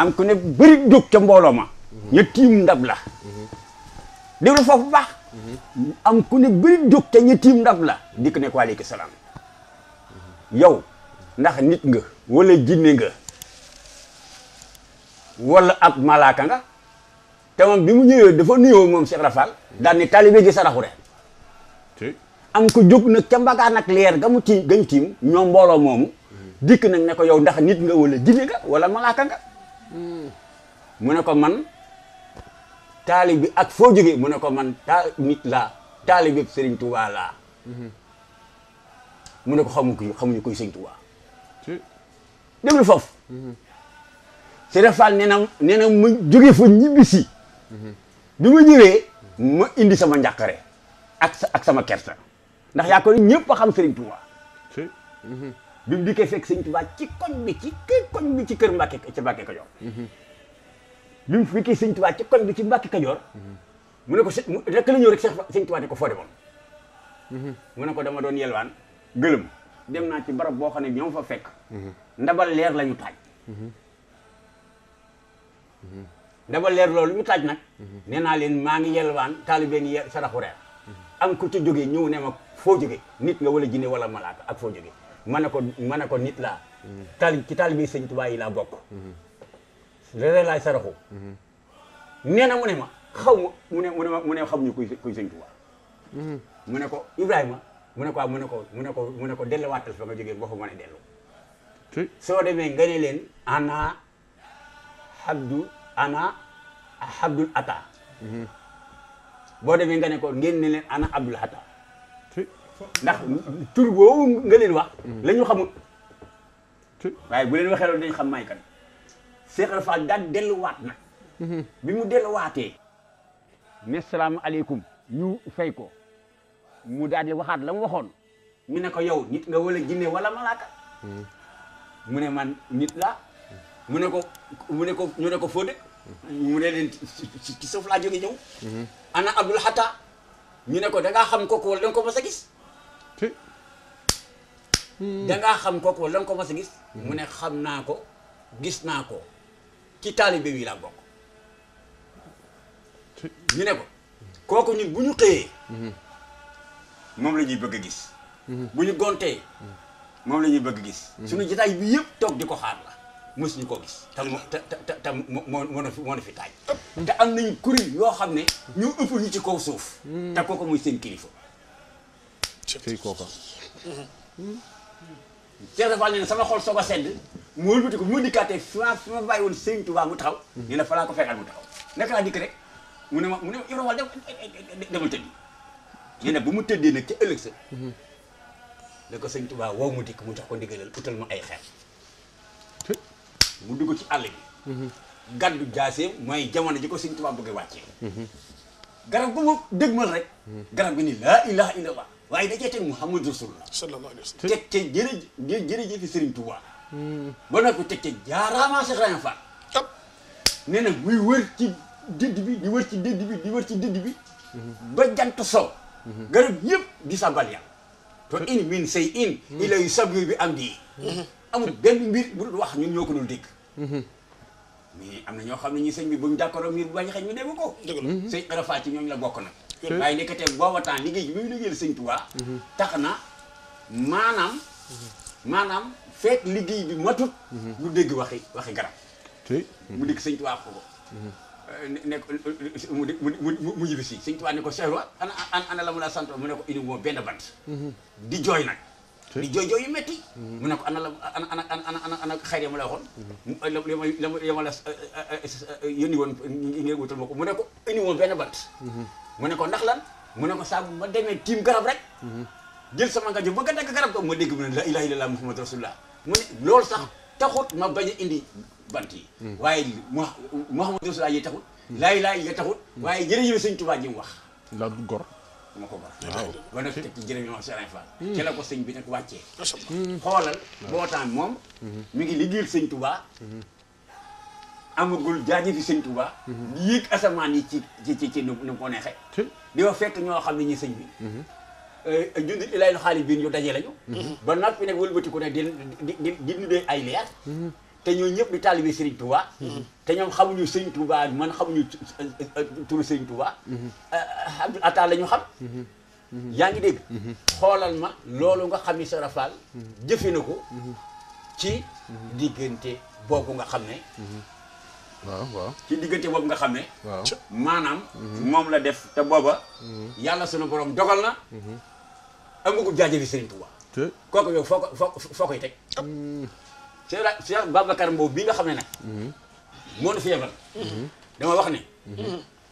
am ku ne bëri jóg ca mbooloo ma. Mhm. ña ndab la. Mhm. déglu foofu baax. Mhm. am ku ne bëri jóg ca ña ndab la. dikk ne ko waaleykum salaam. yow ndax nit nga. wala jinne nga. wala ab malaaka nga. te moom bi mu ñëwee dafa nuyoo moom Cheikh Rafal. daal ni taalibe gi saraxu rek. am ko jóg nag ca ak leer ga mu tiim gañ tiim ñoo mbooloo moomu dikk nag ne ko yow ndax nit nga walla jinne nga wala malaaka nga hmm. mu ne ko man taali bi ak foo jógee mu ne ko man ta nit laa taali bi sëriñ Tuubaa laa hmm. mu ne ko xamu ko xamuñu koy hmm. sëriñ Tuubaa déglu foofu Serigne Fall nee na nee na mu jóge fa ñibbisi bi ma ñëwee ma indi sama njàqare ak ak sama kersa ndax yaakaar ko ñëpp a xam Serigne Touba. Mm-hmm. bi mu dikkee fekk Serigne Touba ci koñ bi ci kër koñ bi ci kër Mbacke ci Mbacke Kajoor. Mm-hmm. bi mu dikkee Serigne Touba ci koñ bi ci Mbacke Kajoor. Mm-hmm. mu ne ko si rek la ñëw rek Serigne Touba di ko foo demoon. mu ne ko dama doon yelwaan gëlëm. dem naa ci barab boo xam ne ñoom fa fekk. ndabal leer la ñu taaj. ndabal leer loolu ñu taaj nag. nee naa leen maa ngi waan taalibe ni saraxu reer am ku ci jógee ñëw ne ma foo jógee nit nga wala jinne wala malaaka ak foo jógee ma ne ko ma ne nit laa mm-hmm. tali ci taalibe sëñ Tuubaa yi laa bokk lere mm-hmm. laay saraxu mm-hmm. nee mu ne ma xaw mu ne mu ne ma mu ne xamuñu kuy sëñ Tuubaa mu ne ko Ibrahima mu ne ko mu ne ko mu ne ko mu ne ko delluwaatal fa nga jógee boo fa mën a dellu soo demee nga ne leen ana abdu ana boo demee nga ne ko ngeen ne leen ana Abdul Xattaab ndax tur boobu nga leen wax mm. la waaye bu leen waxee loolu dañ xam may kan Cheikh Alpha daal delluwaat nag mm-hmm. bi mu delluwaatee ne salaamaaleykum ñu fay ko mu daal di waxaat la mu waxoon mu ne ko yow nit nga wala jinne walla malaaka mm. mu ne man nit la mu ne ko ne ko ñu ne ko foo mu ne leen ci suuf laa jóge ñëw. ana Abdul Hatta ñu ne ko dangaa xam kooku wala da ko mas a gis. da xam kooku wala ko mas a gis. mu ne xam naa ko gis naa ko ci taalibe wi laa bokk. ñu ne ko kooku ñun bu ñu xëyee. Mhm. moom la ñuy bëgg a gis. Mhm. bu ñu gontee mhm. moom la ñuy bëgg a gis. suñu jotaay bi yëpp toog di ko xaar la. mësuñu ko gis te mu te te te moo moo moo na fi taaj am nañu kuréel yoo xam ne ñu ëpp ñu ci kaw suuf hmm. te kooku muy seen kilifa tey kooka hmm. Cheikh dafa ne sama xol soog a mu wëlbati ko mu dikkaatee fi ma fi ma bàyyi woon Sëñ Tuubaa mu taxaw ñu hmm. ne fa laa ko fekkal mu taxaw naka laa rek mu ne ma mu ne ma Ibra Fall demal bu mu tëddee nag ca ëllëg sa da ko Sëñ Tuubaa wow mu dikk mu tax ko ndigalal utal ma ay xeer mu dugg ci àll bi. gàddu jaaseem mooy jamono ji ko Sëñ Tuubaa bëgg a wàccee. garab gu ma dëgmal rek. garab gi ni laa ilaha illallah waaye da cee teg Muhammadu Rasulullah. sallallahu alayhi wa sallam teg teg jërëjëf jërëjëf Sëriñ Tuubaa. ba nag ko teg teg jaaraamaa Cheikh Rayane Fall. top nee na muy wër ci dëdd bi di wër ci dëdd bi di wër ci dëdd bi. ba jant sow. garab yëpp di sàbbal yàlla. to in min say in. ilay sabri bi am di. amul benn mbir bu dul wax ñun ñoo ko dul dégg. mais am na ñoo xam ne ñi sëñ bi buñ d'accord ak mbir bu bañ xëy ñu dégg ko. dëgg la sëñ Arafat ñooñu la bokk nag. waaye nekkatee booba temps liggéey bi muy liggéeyal sëñ Touba. tax na maanaam. maanaam fekk liggéey bi matut. lu dégg waxi waxi garab. mu dégg sëñ Touba ko ko. Euh, ne ko euh, mu di mu mu ñibbi si sëñ Touba ne ko Cheikh ana ana la mu la sant mu ne ko indi benn bant. Mhm. di jooy nag. di jooy jooy yu métti mu ne ko ana la ana ana ana ana ana xayr ya ma la waxoon lama yama la yónni woon ngeen wutal ma ko mu ne ko indi woon benn bant mu ne ko nax lan mu ne ko saa ma demee tiim garab rek jël sama nga jo bëgg a garab ko ma dégg mu ne la ilaha illallah muhammad rasulullah mu ne loolu sax taxut ma bañ a indi bant yi waaye mu muhammad rasulullah yi taxut laayi lay yi taxut waaye jërëjëf sëñ Tuubaa ji mu wax la du dama ko baax. waaw ba noppi teg ci jërëjëf Serigne Fall. Hmm. ci la ko sëñ bi nag wàccee. Hmm. xoolal bootaan moom. Hmm. mi ngi liggéeyal sëñ Touba. amagul jaajëfi sëñ Touba. di yéeg asamaan yi ci ci ci ci nu mu ko neexee. di ko fekk ñoo xam ne ñi sëñ bi. Eh, eh, jund ilay xaalis biir ñu daje lañu. ba noppi nag wëlbatiku ne di di di di ay leer. te ñooñu ñëpp di taalibe Serigne Touba. Mm-hmm. te ñoom xamuñu Serigne Touba man xamuñu euh, euh, turu Serigne Touba. Mm-hmm. Euh, Abdou Atta la ñu xam. Mm-hmm. yaa ngi dégg. xoolal ma loolu nga xam ni Sëriñ Fall jëfe na ko. ci diggante boobu nga xam ne. waaw waaw ci diggante boobu nga xam ne. waaw maanaam. moom la def te booba. yàlla sunu borom dogal na. amagu jaajëfi Serigne Touba. kooku yow foo ko foo koy teg. Cheikh Cheikh Babacar Mbow bi nga xam ne nag. moo na fi yebal. wax ne.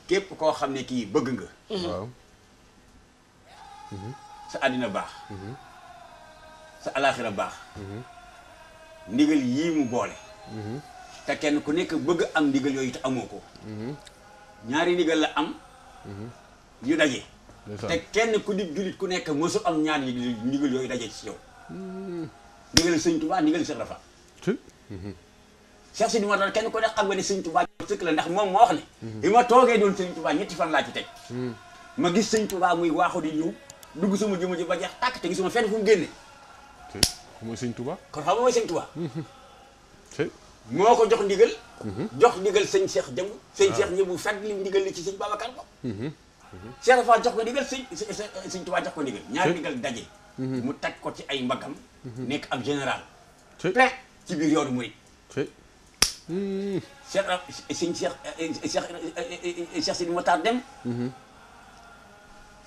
képp koo xam ne kii bëgg nga. waaw. sa àddina baax. Mhm. sa alaaxira baax. Mhm. ndigal yii mu boole. Mhm. te kenn ku nekk bëgg am ndigal yooyu te amoo ko. ñaari ndigal la am. yu daje. te kenn ku di jullit ku nekk mësu am ñaari ndigal yooyu daje ci yow. ndigal sëñ Tuubaa ndigal Seex Rafaa Cheikh Sidi Mokhtar kenn ko ne xam nga ne Sëñ Touba sëkk la moom moo wax ne. bi ma toogee doon Sëñ Touba ñetti fan laa ci teg. Hmm. ma gis Sëñ Touba muy waaxu di ñëw dugg sama jëmm ji ba jeex tàkk te gisuma fenn fu mu génne. mooy Sëñ Touba. kon xam nga mooy Sëñ hmm. moo ko jox ndigal. Hmm. jox ndigal sëñ Cheikh jëm. Ah. sëñ Cheikh ñëw bu fekk li ndigal li ci sëñ Babacar ko. Cheikh dafa jox ko ndigal sëñ sëñ Touba jox ko ndigal. ñaar ndigal daje. mu teg ko ci ay mbagam. nekk ab général. ci biir yoonu murit. Hmm. Cheikh sëñ Cheikh Cheikh Cheikh Sidi Mokhtar dem. Hmm.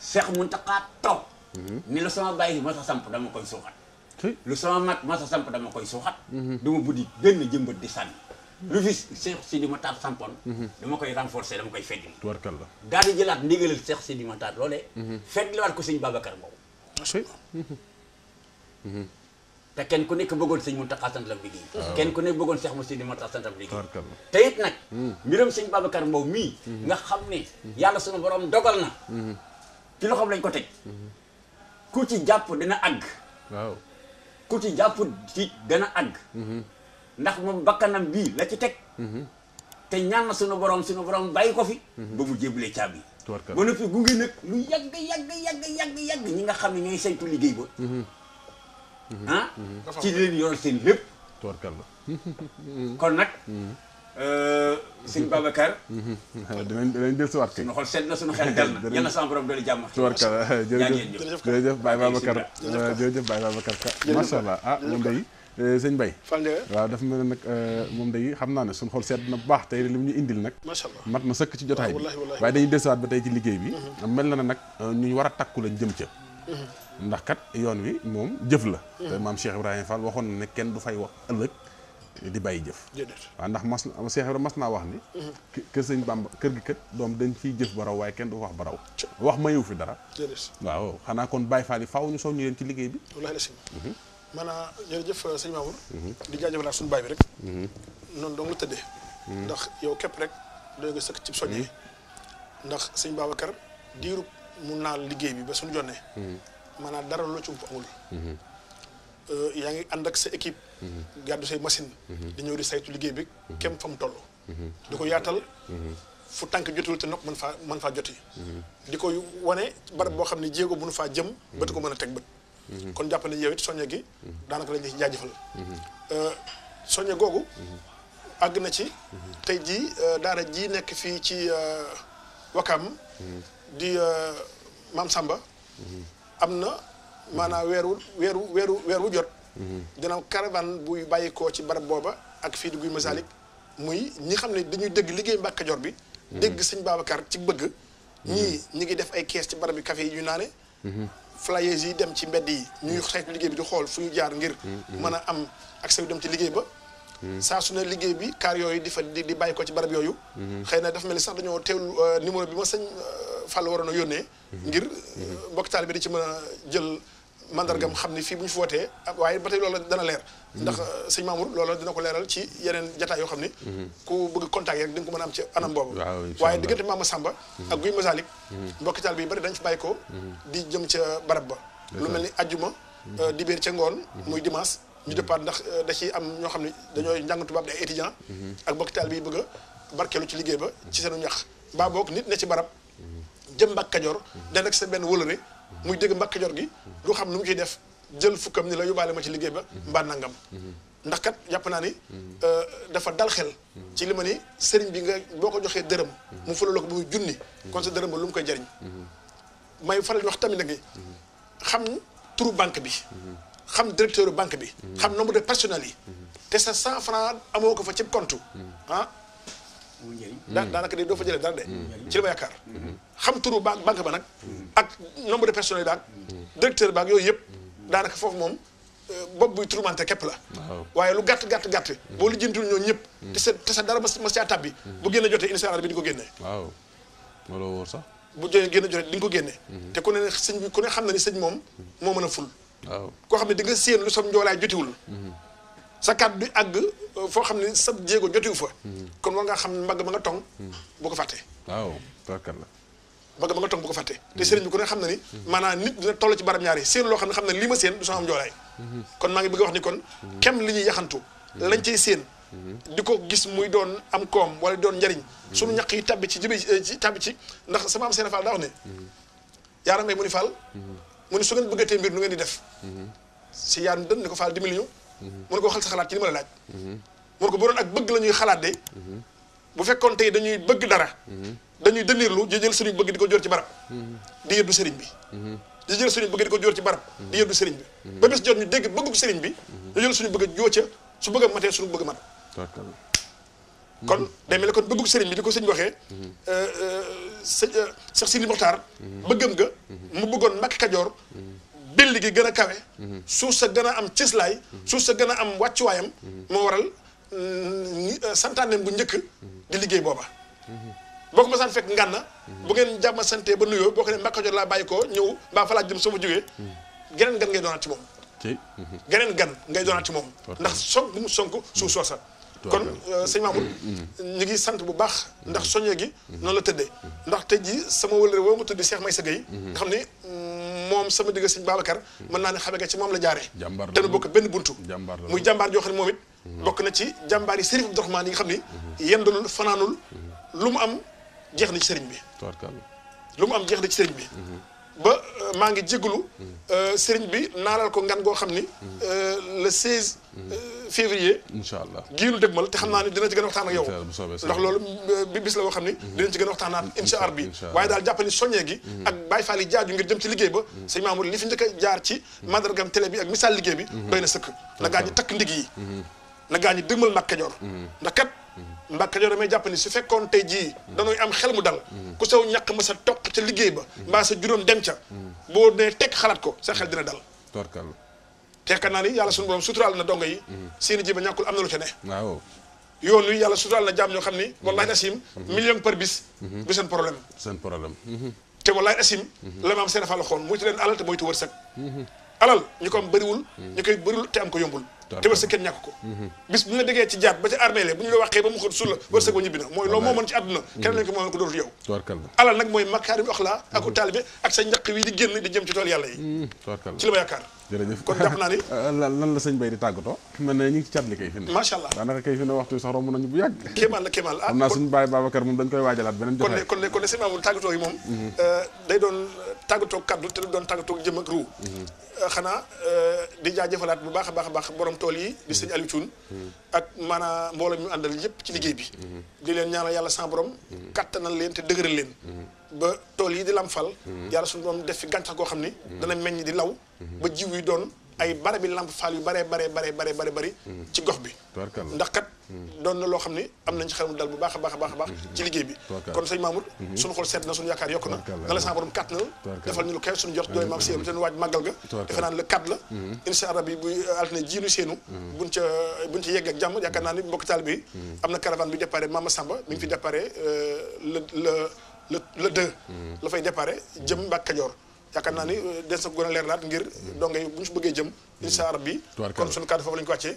Cheikh Mountakha toog. Hmm. ni lu sama bàyyi ma sa samp dama koy suuxat. lu sama mag ma sa samp dama koy suuxat. dama buddi benn jëmbat di sànni. lu fi Cheikh Sidi Mokhtar sampoon. dama koy renforcer dama koy feddi. tubarkal la daal di jëlaat ndigalal Cheikh Sidi Mokhtar loolee. feddiwaat ko sëñ Babacar Mbow. te kenn ku nekk bëggoon sëñ Mountakha tax liggéey ah. kenn ku nekk bëggoon Cheikh Moussa Di Mountakha santam liggéey te it nag hmm. mbiram sëñ Babacar Mbow mii hmm. nga xam ne yàlla sunu borom dogal na hmm. ci loxoom lañ ko te ku ci jàpp dina àgg waaw jàpp ci dana àgg ndax moom bakkanam bii la ci teg te ñaan na sunu borom sunu borom bàyyi ko fi ba mu jébbale caabi ba noppi gunge nag lu yàgg yàgg yàgg yàgg yàgg ñi nga xam ne ñooy saytu liggéey ba ah ci leen yoral seen lépp tubarkalla kon nag euh, sëñ Babacar [laughs] dinañ dinañ del siwaat kay suñu xol sedd na suñu xel na yal na sama borom doon jàmm tubarkalla [laughs] jërëjëf euh, jërëjëf Baye Babacar jërëjëf allah ah moom day euh, sëñ Baye waaw dafa mel ne nag moom day xam naa ni suñu xol sedd na bu baax tey li mu ñu indil nag macha allah mat na sëkk ci jotaay bi waaye dañuy delsiwaat ba tey ci liggéey bi mm-hmm. mel na nag ñu war a takku lañ jëm ca mm-hmm. ndax kat yoon wi moom jëf la. te maam Cheikh Ibrahima Fall waxoon na ne kenn du fay wax ëllëg di bàyyi jëf. waaw ndax mas Cheikh Ibrahima mas naa wax ni. Mhm. kër sañ Bamba kër gi kat doom dañ fiy jëf baraw waaye kenn du wax baraw. wax ma fi dara. waaw xanaa kon Baye Fall yi faaw ñu soog ñu ci liggéey bi. wallaahi la si. maanaam mhm. ah, jërëjëf euh, sëñ Mamour. Mhm. di jaajëfalaat suñu baay bi rek. noonu dong la tëddee. ndax yow képp rek doy nga sëkk ci ndax sëñ Babacar diiru mu naal liggéey bi ba suñu jonnee maanaam dara loo ci ump amul. Mm-hmm. Euh, yaa ngi ànd ak sa équipe. Mm-hmm. gàddu say machine mm-hmm. di ñëw di saytu liggéey bi kem fa mu toll. di ko yaatal. fu tànk jotul te nopp mën faa man faa joti. di koy wane barab boo xam ne jéego bu nu faa jëm. ba ko mën a teg bët. kon jàpp ne yow it soññe gi. daanaka lañu ci jaajëfal. Euh, soññe googu. àgg na ci. tey jii euh, daara jii nekk fii ci wakaam. di maam Samba. am na maanaam weeru weeru weeru weer wu jot mhm. dina am caravane buy bàyyikoo ci barab booba ak fii di Guy Masalik mhm. muy ñi xam ne dañuy dégg liggéey Mbàkke Kajoor bi mhm. dégg sëñ Babacar ci bëgg ñii ñi ngi def ay kees ci barab bi café yi ñu naane flyers yi dem ci mbedd yi ñuy saytu liggéey bi di xool fu ñu jaar ngir mën a am accès yu dem ci liggéey ba saa su ne liggéey bi kaar yooyu di fa di di bàyyi ko ci barab yooyu. xëy na dafa mel ni sax dañoo teewlu euh, numéro bi ma sëñ euh, Fall waroon a yónnee. ngir mbokk euh, taal bi di ci mën a jël. mandargam xam ni fii bu ñu fi wootee ah, waaye ba tey dana leer ndax sëñ Mamour loolu dina ko leeral ci yeneen jataay yoo xam ni ku bëgg contact yi rek ko mën a am ci anam boobu waaye diggante Mama Samba ak Guy Masalik mm-hmm. mbokki taal bi bari dañ fi bàyyi ko mm-hmm. di jëm ca barab ba lu mel ni ajjuma dibéer ca ngoon mm-hmm. muy dimaas ñu départ ndax euh, da ciy am ñoo xam ne dañooy njàng tubaab di ay étudiant mm-hmm. ak bokk taal bi bëgg a barkeelu ci liggéey ba ci seenu ñax mbaa boog nit ne ci barab mm-hmm. jëm Mbàkke Kajoor mm-hmm. dan sa benn wëlëre muy dégg Mbàkke Kajoor gi du xam nu mu ciy def jël fukkam ni la yóbbaale ma ci liggéey ba mbaa nangam ndax kat yàpp naa ni euh, dafa dal xel ci li ma ni sëriñ bi nga boo ko joxee dërëm mu fulal ko ba muy junni kon sa dërëm ba lu mu koy jariñ may faral wax tamit nag ni banque bi xam directeur banque bi. xam nombre de personnels yi. te sa 100 francs amoo ko fa ci compte. ah. daa daanaka de doo fa jëlee dara de. ci li ma yaakaar. xam turu banque ba nag. ak nombre de personnels yi daal. directeur banque yooyu yëpp daanaka foofu moom. Euh, bopp buy tourmenté képp la waaye lu gàtt gàtt gàtt boo lijjantul ñoo ñëpp te sa te sa dara ma caa tàbbi hmm. bu génne jotee initial bi di ko génne waaw moo loo wóor sax bu génne jotee di nga ko génne hmm. te ku ne sëñ bi ne xam na ni sëñ moom moo mën a ful waaw koo xam ne di nga séen lu sam njoolaay jotiwul mm-hmm. sa kàddu du àgg uh, foo xam ne sab jéego jotiwu fa mm-hmm. kon war nga xam mm-hmm. mbagg ma nga tong bu ko fàttee waaw tabarkalla mbagg ma nga tong bu ko fàttee te sëriñ bi ku ne xam na ni maanaam nit dina toll ci barab ñaari séen loo xam ne xam ne lii ma seen du sama am njoolaay kon maa ngi bëgg a wax ni kon kem li ñuy yaxantu lañ cay séen di ko gis muy doon am koom wala doon njariñ suñu ñaq yi tabbi ci jibi eh, ci tabbi ci ndax sama am seen faal daa wax ne yaara ngay mu ni faal mu ne su ngeen bëggatee mbir nu ngeen di def si yaan dën ne ko faal dimbali ñu mu ne ko waxal sa xalaat ci li ma la laaj mu ne ko bu doon ak bëgg la ñuy xalaat de bu fekkoon tey dañuy bëgg dara dañuy dënirlu di jël suñu bëgg di ko joor ci barab di yëddu sëriñ bi di jël suñu bëgg di ko joor ci barab di yëddu sëriñ bi ba bis jot ñu dégg bëggu sëriñ bi ñu jël suñu bëgg a su bëgg a matee suñu bëgg mat kon day mel ne kon bëggug sëriñ bi ni ko euh, euh, sëñ waxee euh, sëñ Cheikh Sidi Mokhtar bëggam nga mu bëggoon Mbàkke Kajoor bill gi gën a kawe suuf sa gën a am cëslaay suuf sa gën a am wàccuwaayam moo waral mm, santaaneem bu njëkk di liggéey booba boo ko ma saan fekk na bu ngeen jàmma sante ba nuyoo boo ko ne Mbàkke Kajoor laa bàyyi ko ñëw mbaa fa laa jëm soo jógee geneen gan ngay doonaat ci moom geneen gan ngay doonaat ci moom ndax sonk bu mu sonk suuf soo sa kon euh, sëñ Mamour ñu ngi sant bu baax ndax soññe gi noonu la tëddee ndax tey jii sama wëlëre woo nga tudd Cheikh Maysa Gueye nga xam ne mm, moom sama digg sëñ Babacar mën naa ne xame nga ci moom la jaaree te nu bokk benn buntu muy jàmbaar joo xam ne moom it bokk na ci jàmbaar yi Sëriñ Abdourahmane yi nga xam ne yendalul fanaanul lu mu am jeex na ci sëriñ bi lu mu am jeex na ci sëriñ bi ba maa ngi jéglu sëriñ bi naalal ko ngan goo xam ni le 16 février incha allah giinu dëgmal te xam naa ni dina ci gën a waxtaan ak yow ndax loolu bi bis la boo xam ni dinañ ci gën a waxtaanaat incha allah bi waaye daal jàpp ni soññee gi ak Baye Fall yi jaaju ngir jëm ci liggéey ba sëñ Mamour li fi njëkk a jaar ci mandargam télé bi ak misaal liggéey bi doy na sëkk na gaa ñi takk ndig yi na gaa ñi dëgmal ndax kat mbaa kajoor damay jàpp ni su fekkoon tey jii danooy am xel mu dal ku saw ñàq ma sa toq ca liggéey ba mbaa sa juróom dem ca boo nee tekk xalaat ko sa xel dina dal torkal teekka naa ni yàlla suñu borom suturaal na dongo yi mm-hmm. seeni ji ba ñàkkul am na lu ca ne yoon wi yàlla suturaal na jaam ñoo xam ni mm-hmm. wallahi asim mm-hmm. million par bis bu seen problème seen problème te wallahi asim la maam seen afal xoon muy te leen alal te moytu wërsëg alal ñu ko am bëriwul ñu koy bëriwul te am ko yombul te wërsëg kenn ñàkk ko mhm. bis bu nga déggee ci jaat ba ca armée bu ñu la waxee ba mu xët sulla mhm. wërsëg ba ñibbi na mooy loolu moo mën ci àdduna mhm. kenn lañ ko moo ko dootul yow alal nag mooy makaarim ak taalibe ak sa njaq wi di génn di jëm ci tool yàlla yi ci la ma yaakaar jërëjëf kon jàpp naa ni [laughs] euh, lan la sëñ Bay di tàggatoo mel na ñu ngi ci catli kay fi ne macha allah daanaka kay fi ne waxtu sax romb nañu bu yàgg kéemaan la kéemaan doon tàggatoo kaddu te du doon tàggatoo jëm ak ruu mhm. euh, xanaa euh, di jaajëfalaat bu baax a baax baax borom tool yi di sëñ Aliou Thioune mhm. ak maanaam mbooloo àndal yëpp ci liggéey bi mhm. di leen ñaanal yàlla sans borom kattanal leen te dëgëral leen ba tool yi di lamfal. yàlla suñu borom def fi gàncax goo xam ni. dana meññ di law. ba jiw yi doon ay barabi lamp faal yu bare baree bare baree baree bëri. ci gox bi. ndax kat. doon na loo xam ni am nañ ci xel mu dal bu baax a baax a baax. ci liggéey bi kon sëñ Mamoud. Mhm. suñu xol seet na suñu yaakaar yokk na. na la sa borom kàtt na defal ñu lu kawe suñu jot doy maam nu waaj màggal mhm. euh, mhm. ca buñ ca yegg ak jàmm yaakaar naa ni mbokk taal bi. am na caravane bi déparé Mama Samba mi ngi fi déparé euh, le le la fay dépare jëm Mbàkke Kajoor yaakaar naa ni des na gën a leerlaat ngir donge bu ñu si bëggee jëm incha allah bi kon suñu kàddu foofu la ko wàccee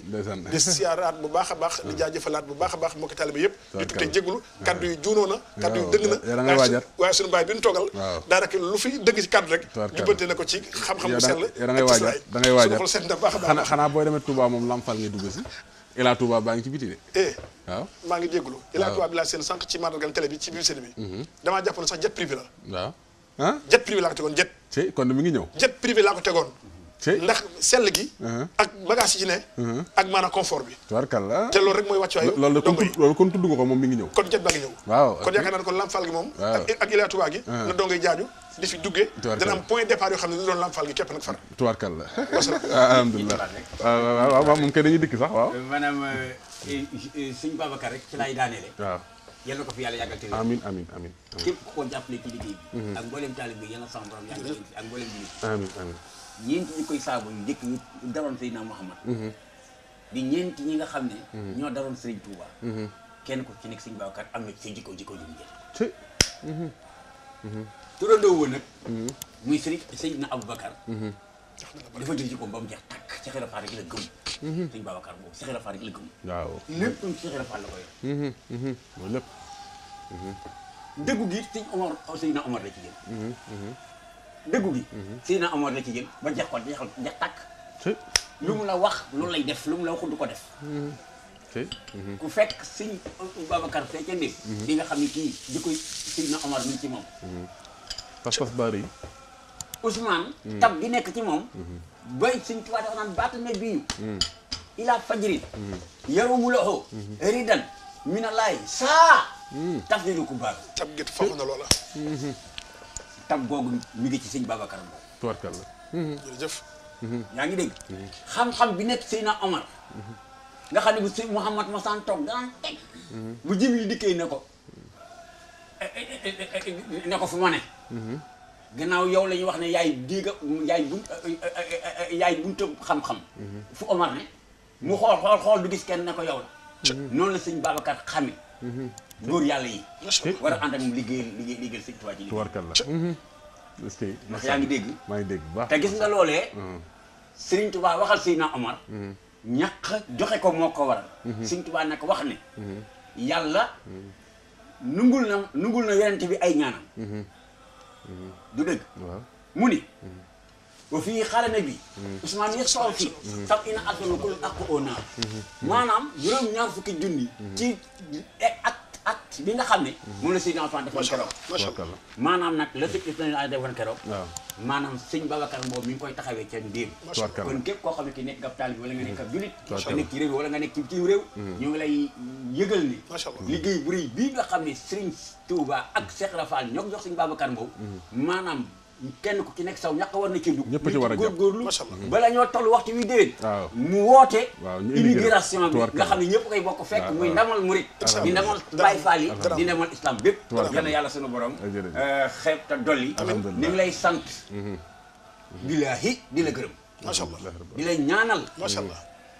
di siyaaraat bu baax a baax di jaajëfalaat bu baax a baax mbokki taalibe yëpp di tuddee jéglu kàddu yu juunoo na kàddu yu dëng na waaye waaye suñu baay bi ñu toogal daanaka lu fi dëgg ci kàddu rek jubbante na ko ci xam-xam bu sell da ngay waajal da ngay xanaa booy demee Touba moom lamfal ngay si Ila Touba baa ngi ci biti de. Eh, waaw maa ngi jégalu. waaw Ila Touba bi laa seen sànq ci màndargal télé bi ci biir seen bi. Mhm. damaa jàpp ne sax jet privé la. waaw jet privé laa ko tegoon jet. kon mi ngi ñëw. jet privé laa ko tegoon. ndax sell gi uh-huh. ak bagage yi ci ne uh-huh. ak maanaam confort bi tubaarkalla te loolu rek mooy wàccuwaay loolu loolu kon tudd nga ko moom mi ngi ñëw kon jet ba ngi ñëw waaw kon yaakaar naa ne kon lamfal gi moom ak ak Ila Touba gi na uh-huh. doongay jaaju di fi duggee far tubaarkalla alhamdulilah [laughs] waaw yal [laughs] ah, eh, eh, na ko fi yàlla yàggal te amin amin amin ñeenti ñi koy saaba yu njëkk ñu daroon Seydina Muhammad mhm. di ñeenti ñi nga xam ne mhm. ñoo daroon Serigne Touba mhm. kenn ko ci nekk Serigne Babacar am na ci jikko jikko ju mu jël turandoo woon nag muy ba mu jeex takk Cheikh Ibra Fall rek la gëm Serigne Babacar boobu Cheikh Ibra la gëm waaw lépp Cheikh Ibra Fall la ko yor mooy lépp dëggu gi Serigne Omar Seydina Omar la ci jël dëggu gi mhm. Seydina Omar la ci jël ba jeex ko jeex jeex tàkk lu mu la wax lu lay def lu mu la waxul du ko def mhm. Mhm. ku fekk sëñ Babacar fee nga mi ci pas-pas bari Ousmane tab bi nekk ci moom bay sëñ Tuubaa dafa naan baatu ne biyu ilaa fajrin yarumu ridan mina laay saa taf di tab get faw na tam googu mi ngi ci sëñ Babacar Mbow. tubarkalla. Mm-hmm. jërëjëf. Mm-hmm. yaa ngi dégg. Mm-hmm. xam-xam bi nekk Seydina Omar. nga xam ne bu sëñ mu Massan toog daan teg. bu jëm yi dikkee ne ko. Eh, eh, eh, ne ko fu ma ne. gannaaw yow lañuy wax ne yaay diiga yaay bun yaay bunta xam-xam. fu Omar ne. mu xool xool xool du gis kenn ne ko yow la. noonu la sëñ Babacar xame góor yàlla yi. war a ànd ak moom liggéeyal liggéey liggéeyal sëñ Tuubaa ci yaa ngi dégg. maa dégg bu baax te gis nga loolee. Mm-hmm. Sëriñ Tuubaa waxal na Omar. Mm-hmm. ñàq joxe ko moo ko waral. Mm-hmm. Sëriñ Tuubaa nag wax ne. yàlla. nungul na nungul na yonent bi ay ñaanam. du dëgg. mu ni. wa fii xaala na bi. Ousmane yëg soxal fii. sax ina at na lu ko oo naa. maanaam juróom ñaar fukki junni. ci e, ak. acte bi nga xam ne. moom la Seydina Ousmane defoon keroog. macha allah maanaam nag la sëñ Ismaïla Niass defoon keroog. waaw maanaam sëñ Babacar boobu mi ngi koy taxawee ca biir. kon képp koo xam ne ki nekk gab taalibe wala nga nekk ab julit. nga nekk ci réew wala nga nekk ci bitim réew. Hmm. ñu ngi lay yëgal ni. Hmm. liggéey bu rëy bii nga xam ne Serigne Touba ak Cheikh Rafal ñoo ko jox sëñ Babacar boobu hmm. maanaam kenn ku ci nekk saw ñàkk war na cee dugg. ñëpp ci war a jàpp góorgóorlu bala ñoo toll waxtu wi déwén. mu woote. immigration bi nga xam ne ñëpp koy bokk fekk muy ndamal murit di ndamal Baay Faal yi di ndamal islam bépp. yàlla yàlla sunu borom. Euh, xeeb te dolli. ni ngi lay sant. Mhm. billaahi di la gërëm. macha allah di la ñaanal.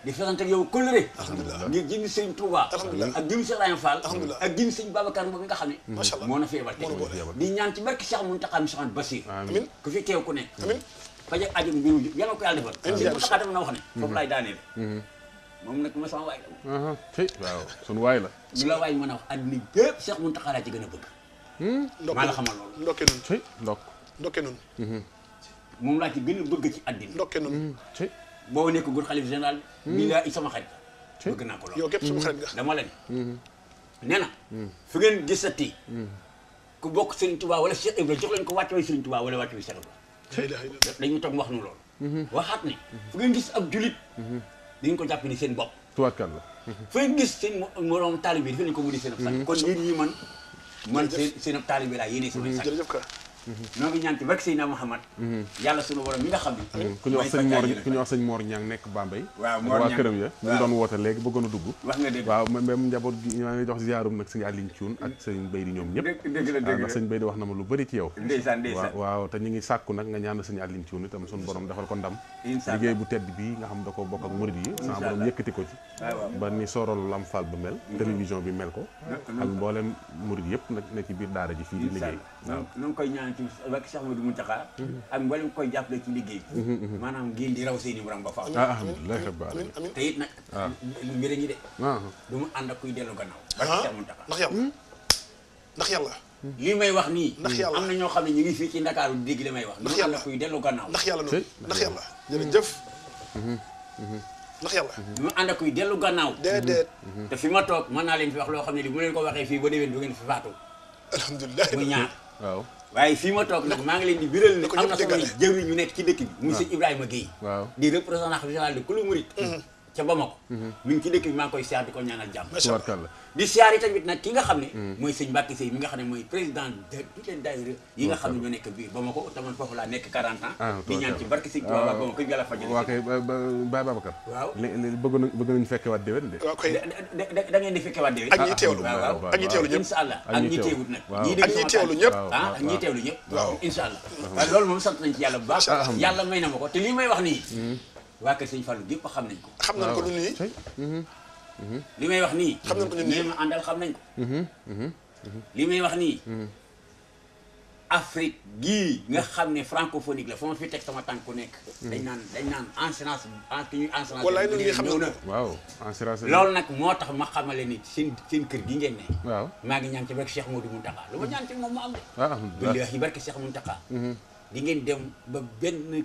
di fasante ak yow kóllëre alhamdulilah ngir jëmi sëñ Touba ak jëmi Cheikh a Fall ak jëmi sëñ Babacar moom nga xam ne macha allah moo na feebar di ñaan ci barke Cheikh Mountakha mi soxna Basir amiin ku fi teew ku ne amiin fajak aju mbiru yàlla ko yàlla defal sëñ Mountakha dama na wax ne foofu laay daaneel mhm. moom nag ma sama waay la waaw sunu waay la ñu la waay mën a wax adduna bépp Cheikh Mountakha laa ci gën a bëgg hmm? maa la xamal loolu ndokke noonu ndok ndokke noonu mhm. moom laa ci gën a bëgg ci addina ndokke hmm. boo nekkagul xalif général bi. bii laa sama xarit. bëgg naa ko lool yow képp sama xarit nga. dama la ne. Hmm. nee na. Hmm. fi hmm. ku bokk Serigne Touba wala Cheikh Ibrahima jox leen ko wàcce way Serigne Touba wala wàcce way Cheikh Ibrahima. dañuy wax nu loolu. waxaat ne. fu ngeen gis ab julit. dañu ko jàpp ni seen bopp. tubaarkàlla. fu ngeen gis seen moroom taalibe dafa leen ko wudi seen ab sax. kon yéen ñi man man seen seen ab taalibe laa yéene sama sax. jërëjëf ñoo mm-hmm. ngi ñaan ci barke Seydina Mouhamad mm-hmm. yàlla sunu borom mi nga xam ne mm-hmm. ku ñu wax sëñ Mor ku ñu wax sëñ Mor Ñang nekk Bambey waaw Mor Ñang waa këram ya ñu doon woote léegi bëggoon a dugg wax nga dëgg waaw même njaboot gi maa ngi jox ziarum nag sëñ Aline Thioune ak sëñ Bay di ñoom ñëpp dëgg la dëgg la sëñ Bay di wax na ma lu bëri ci yow ndeysaan ndeysaan waaw te ñu ngi sàkku nag nga ñaan sëñ Aline Thioune itam sunu borom defal ko ndam liggéey bu tedd bi nga xam da ko bokk ak murid yi sama borom yëkkati ko ci ba ni sorol lam fal ba mel télévision bi mel ko ak mboolem murid yëpp nag ne ci biir daara ji fii di liggéey waaw ci wàkk Cheikh Amadou Mountakha ak mboolem koy jàppale ci liggéey mhm, mhm. maanaam ngeen di raw seen i morom ba faaw ah, alhamdulilah rabbil alamin te it nag mbir ah. ñi de ah. du mu ànd ak kuy dellu gannaaw wàkk ndax yàlla hmm? ndax hmm. may wax nii ndax yàlla hmm. am na ñoo xam ne ñu ngi fii ci Ndakaaru dégg li may wax du mu ànd ak kuy dellu gannaaw ndax yàlla noonu ndax yàlla jërëjëf ndax yàlla mu ànd ak dellu gannaaw déedéet te fi ma toog mën naa leen fi wax loo xam ne li mu leen ko waxee fii ba déwén du ngeen fi faatu alhamdulilah muy ñaar waaye fii ma toog nag maa ngi leen di biral ne am na sama jëwri ñu nekk ci dëkk bi muy sëñ Ibrahima Guèye di représentant général de Kulu Mouride ca Bamako mi ngi ci dëkk bi maa ngi koy siyaar di ko ñaanal jàmm di siyaar yi tamit nag ki nga xam ne hmm. mooy sëñ Mbacke Seye mi nga xam ne mooy président de toutes les daayira yi nga xam ne ñoo nekk biir Bamako taman foofu laa nekk 40 ans ah, di ñaan ci barke sëñ Tuubaa Bamako yàlla fajal waaw kay Baye Babacar waaw bëgg na bëgg nañu fekke waat déwén de waaw kay da ngeen di fekke waat déwén ak ñi teewlu waaw ak ñi teewlu ñëpp incha allah ak ñi teewut nag ñii ak ñi baax waa kër sëñ Fallou gépp xam nañ ko xam nañ ko du nii mhm. mhm. li may wax nii xam nañ ko du ñeema àndal xam nañ ko mhm, li may wax nii Afrique gii nga xam francophonique la fa fi teg sama tànk ku nekk dañ naan dañ naan enseignace ah, ki ñuy enseignace walaay ñun ñi xam na waaw enseignace loolu nag moo tax ma xamale ni seen seen kër gi ngeen ne waaw maa ngi ñaan ci Cheikh Modou ñaan ci mu am de barke Cheikh di ngeen dem ba benn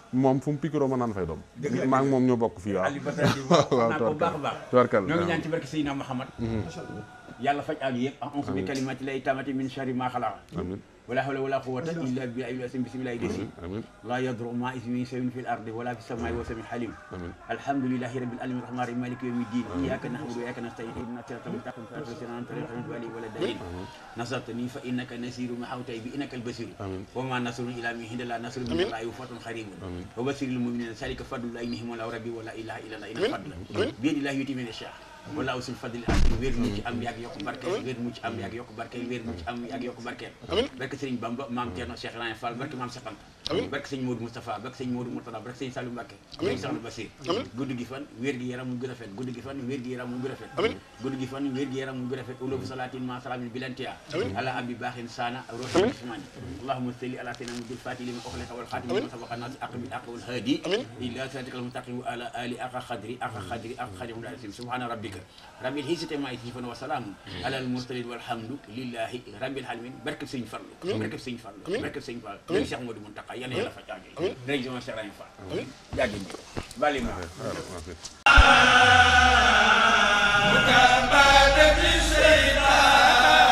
moom fu mu pikiroo ma naan fay doom maa ngi moom ñoo bokk fii waaw Aliou Badara Diouf [laughs] waaw waaw tubarkal ñoo ngi ñaan يلا فج أجيب أنس بكلمة لا إتمت من شر ما خلق ولا حول ولا قوة إلا بالله بسم الله يدسي لا يضر ما اسم يسمى في الأرض ولا في السماء وسم الحليم الحمد لله رب العالمين الرحمن الرحيم مالك يوم الدين إياك نعبد وإياك نستعين إنا ترتا متقم فأرسلنا أنت رحمة ولي ولا دين نصرتني فإنك نسير ما حوتي بإنك البصير وما نصر إلا من هند لا نصر من الله يوفات خريم وبصير المؤمنين ذلك فضل الله إنهم ولا ربي ولا إله إلا الله إن فضل بيد الله يتيم الشيخ wala aw sul fadli ak wér mu ci am yaag yokk barkeel wér mu ci am yaag yokk barkeel wér mu ci am yaag yokk barkeel barke Sëriñ Bamba maam Thierno Cheikh Ibrahima Fall barke maam Cheikh Anta amiin barke sëñ Modou Moustapha barke sëñ Modou Mourtada barke sëñ Saliou Mbacké amiin sëñ Saliou Bassir gudd gi fan wér gi yaram mu gën a fet gudd gi fan wér gi yaram mu gën a fet amiin gudd gi fan wér gi yaram mu gën a fet olobu salaatin ma salaamin bilantiya ala abi baaxin saana rohi usmani allahumma salli ala sayyidina mu jël faati li ma oxleka wal xaatimi ma sabaqa naas aq bi aq wal haadi ila siraatika al mustaqim wa ala ali aqa xadri aqa xadri aqa xadri mu daal subhana rabbika rabbil izzati ma yasifun wa salaamun ala al mursalin walhamdu lillahi rabbil alamin barke sëñ Fallu barke sëñ Fallu barke sëñ Fallu sëñ Modou Mountakha yàlla yàlla fa jaage direction Cheikh Ibrahima Fall jaage bi bali ma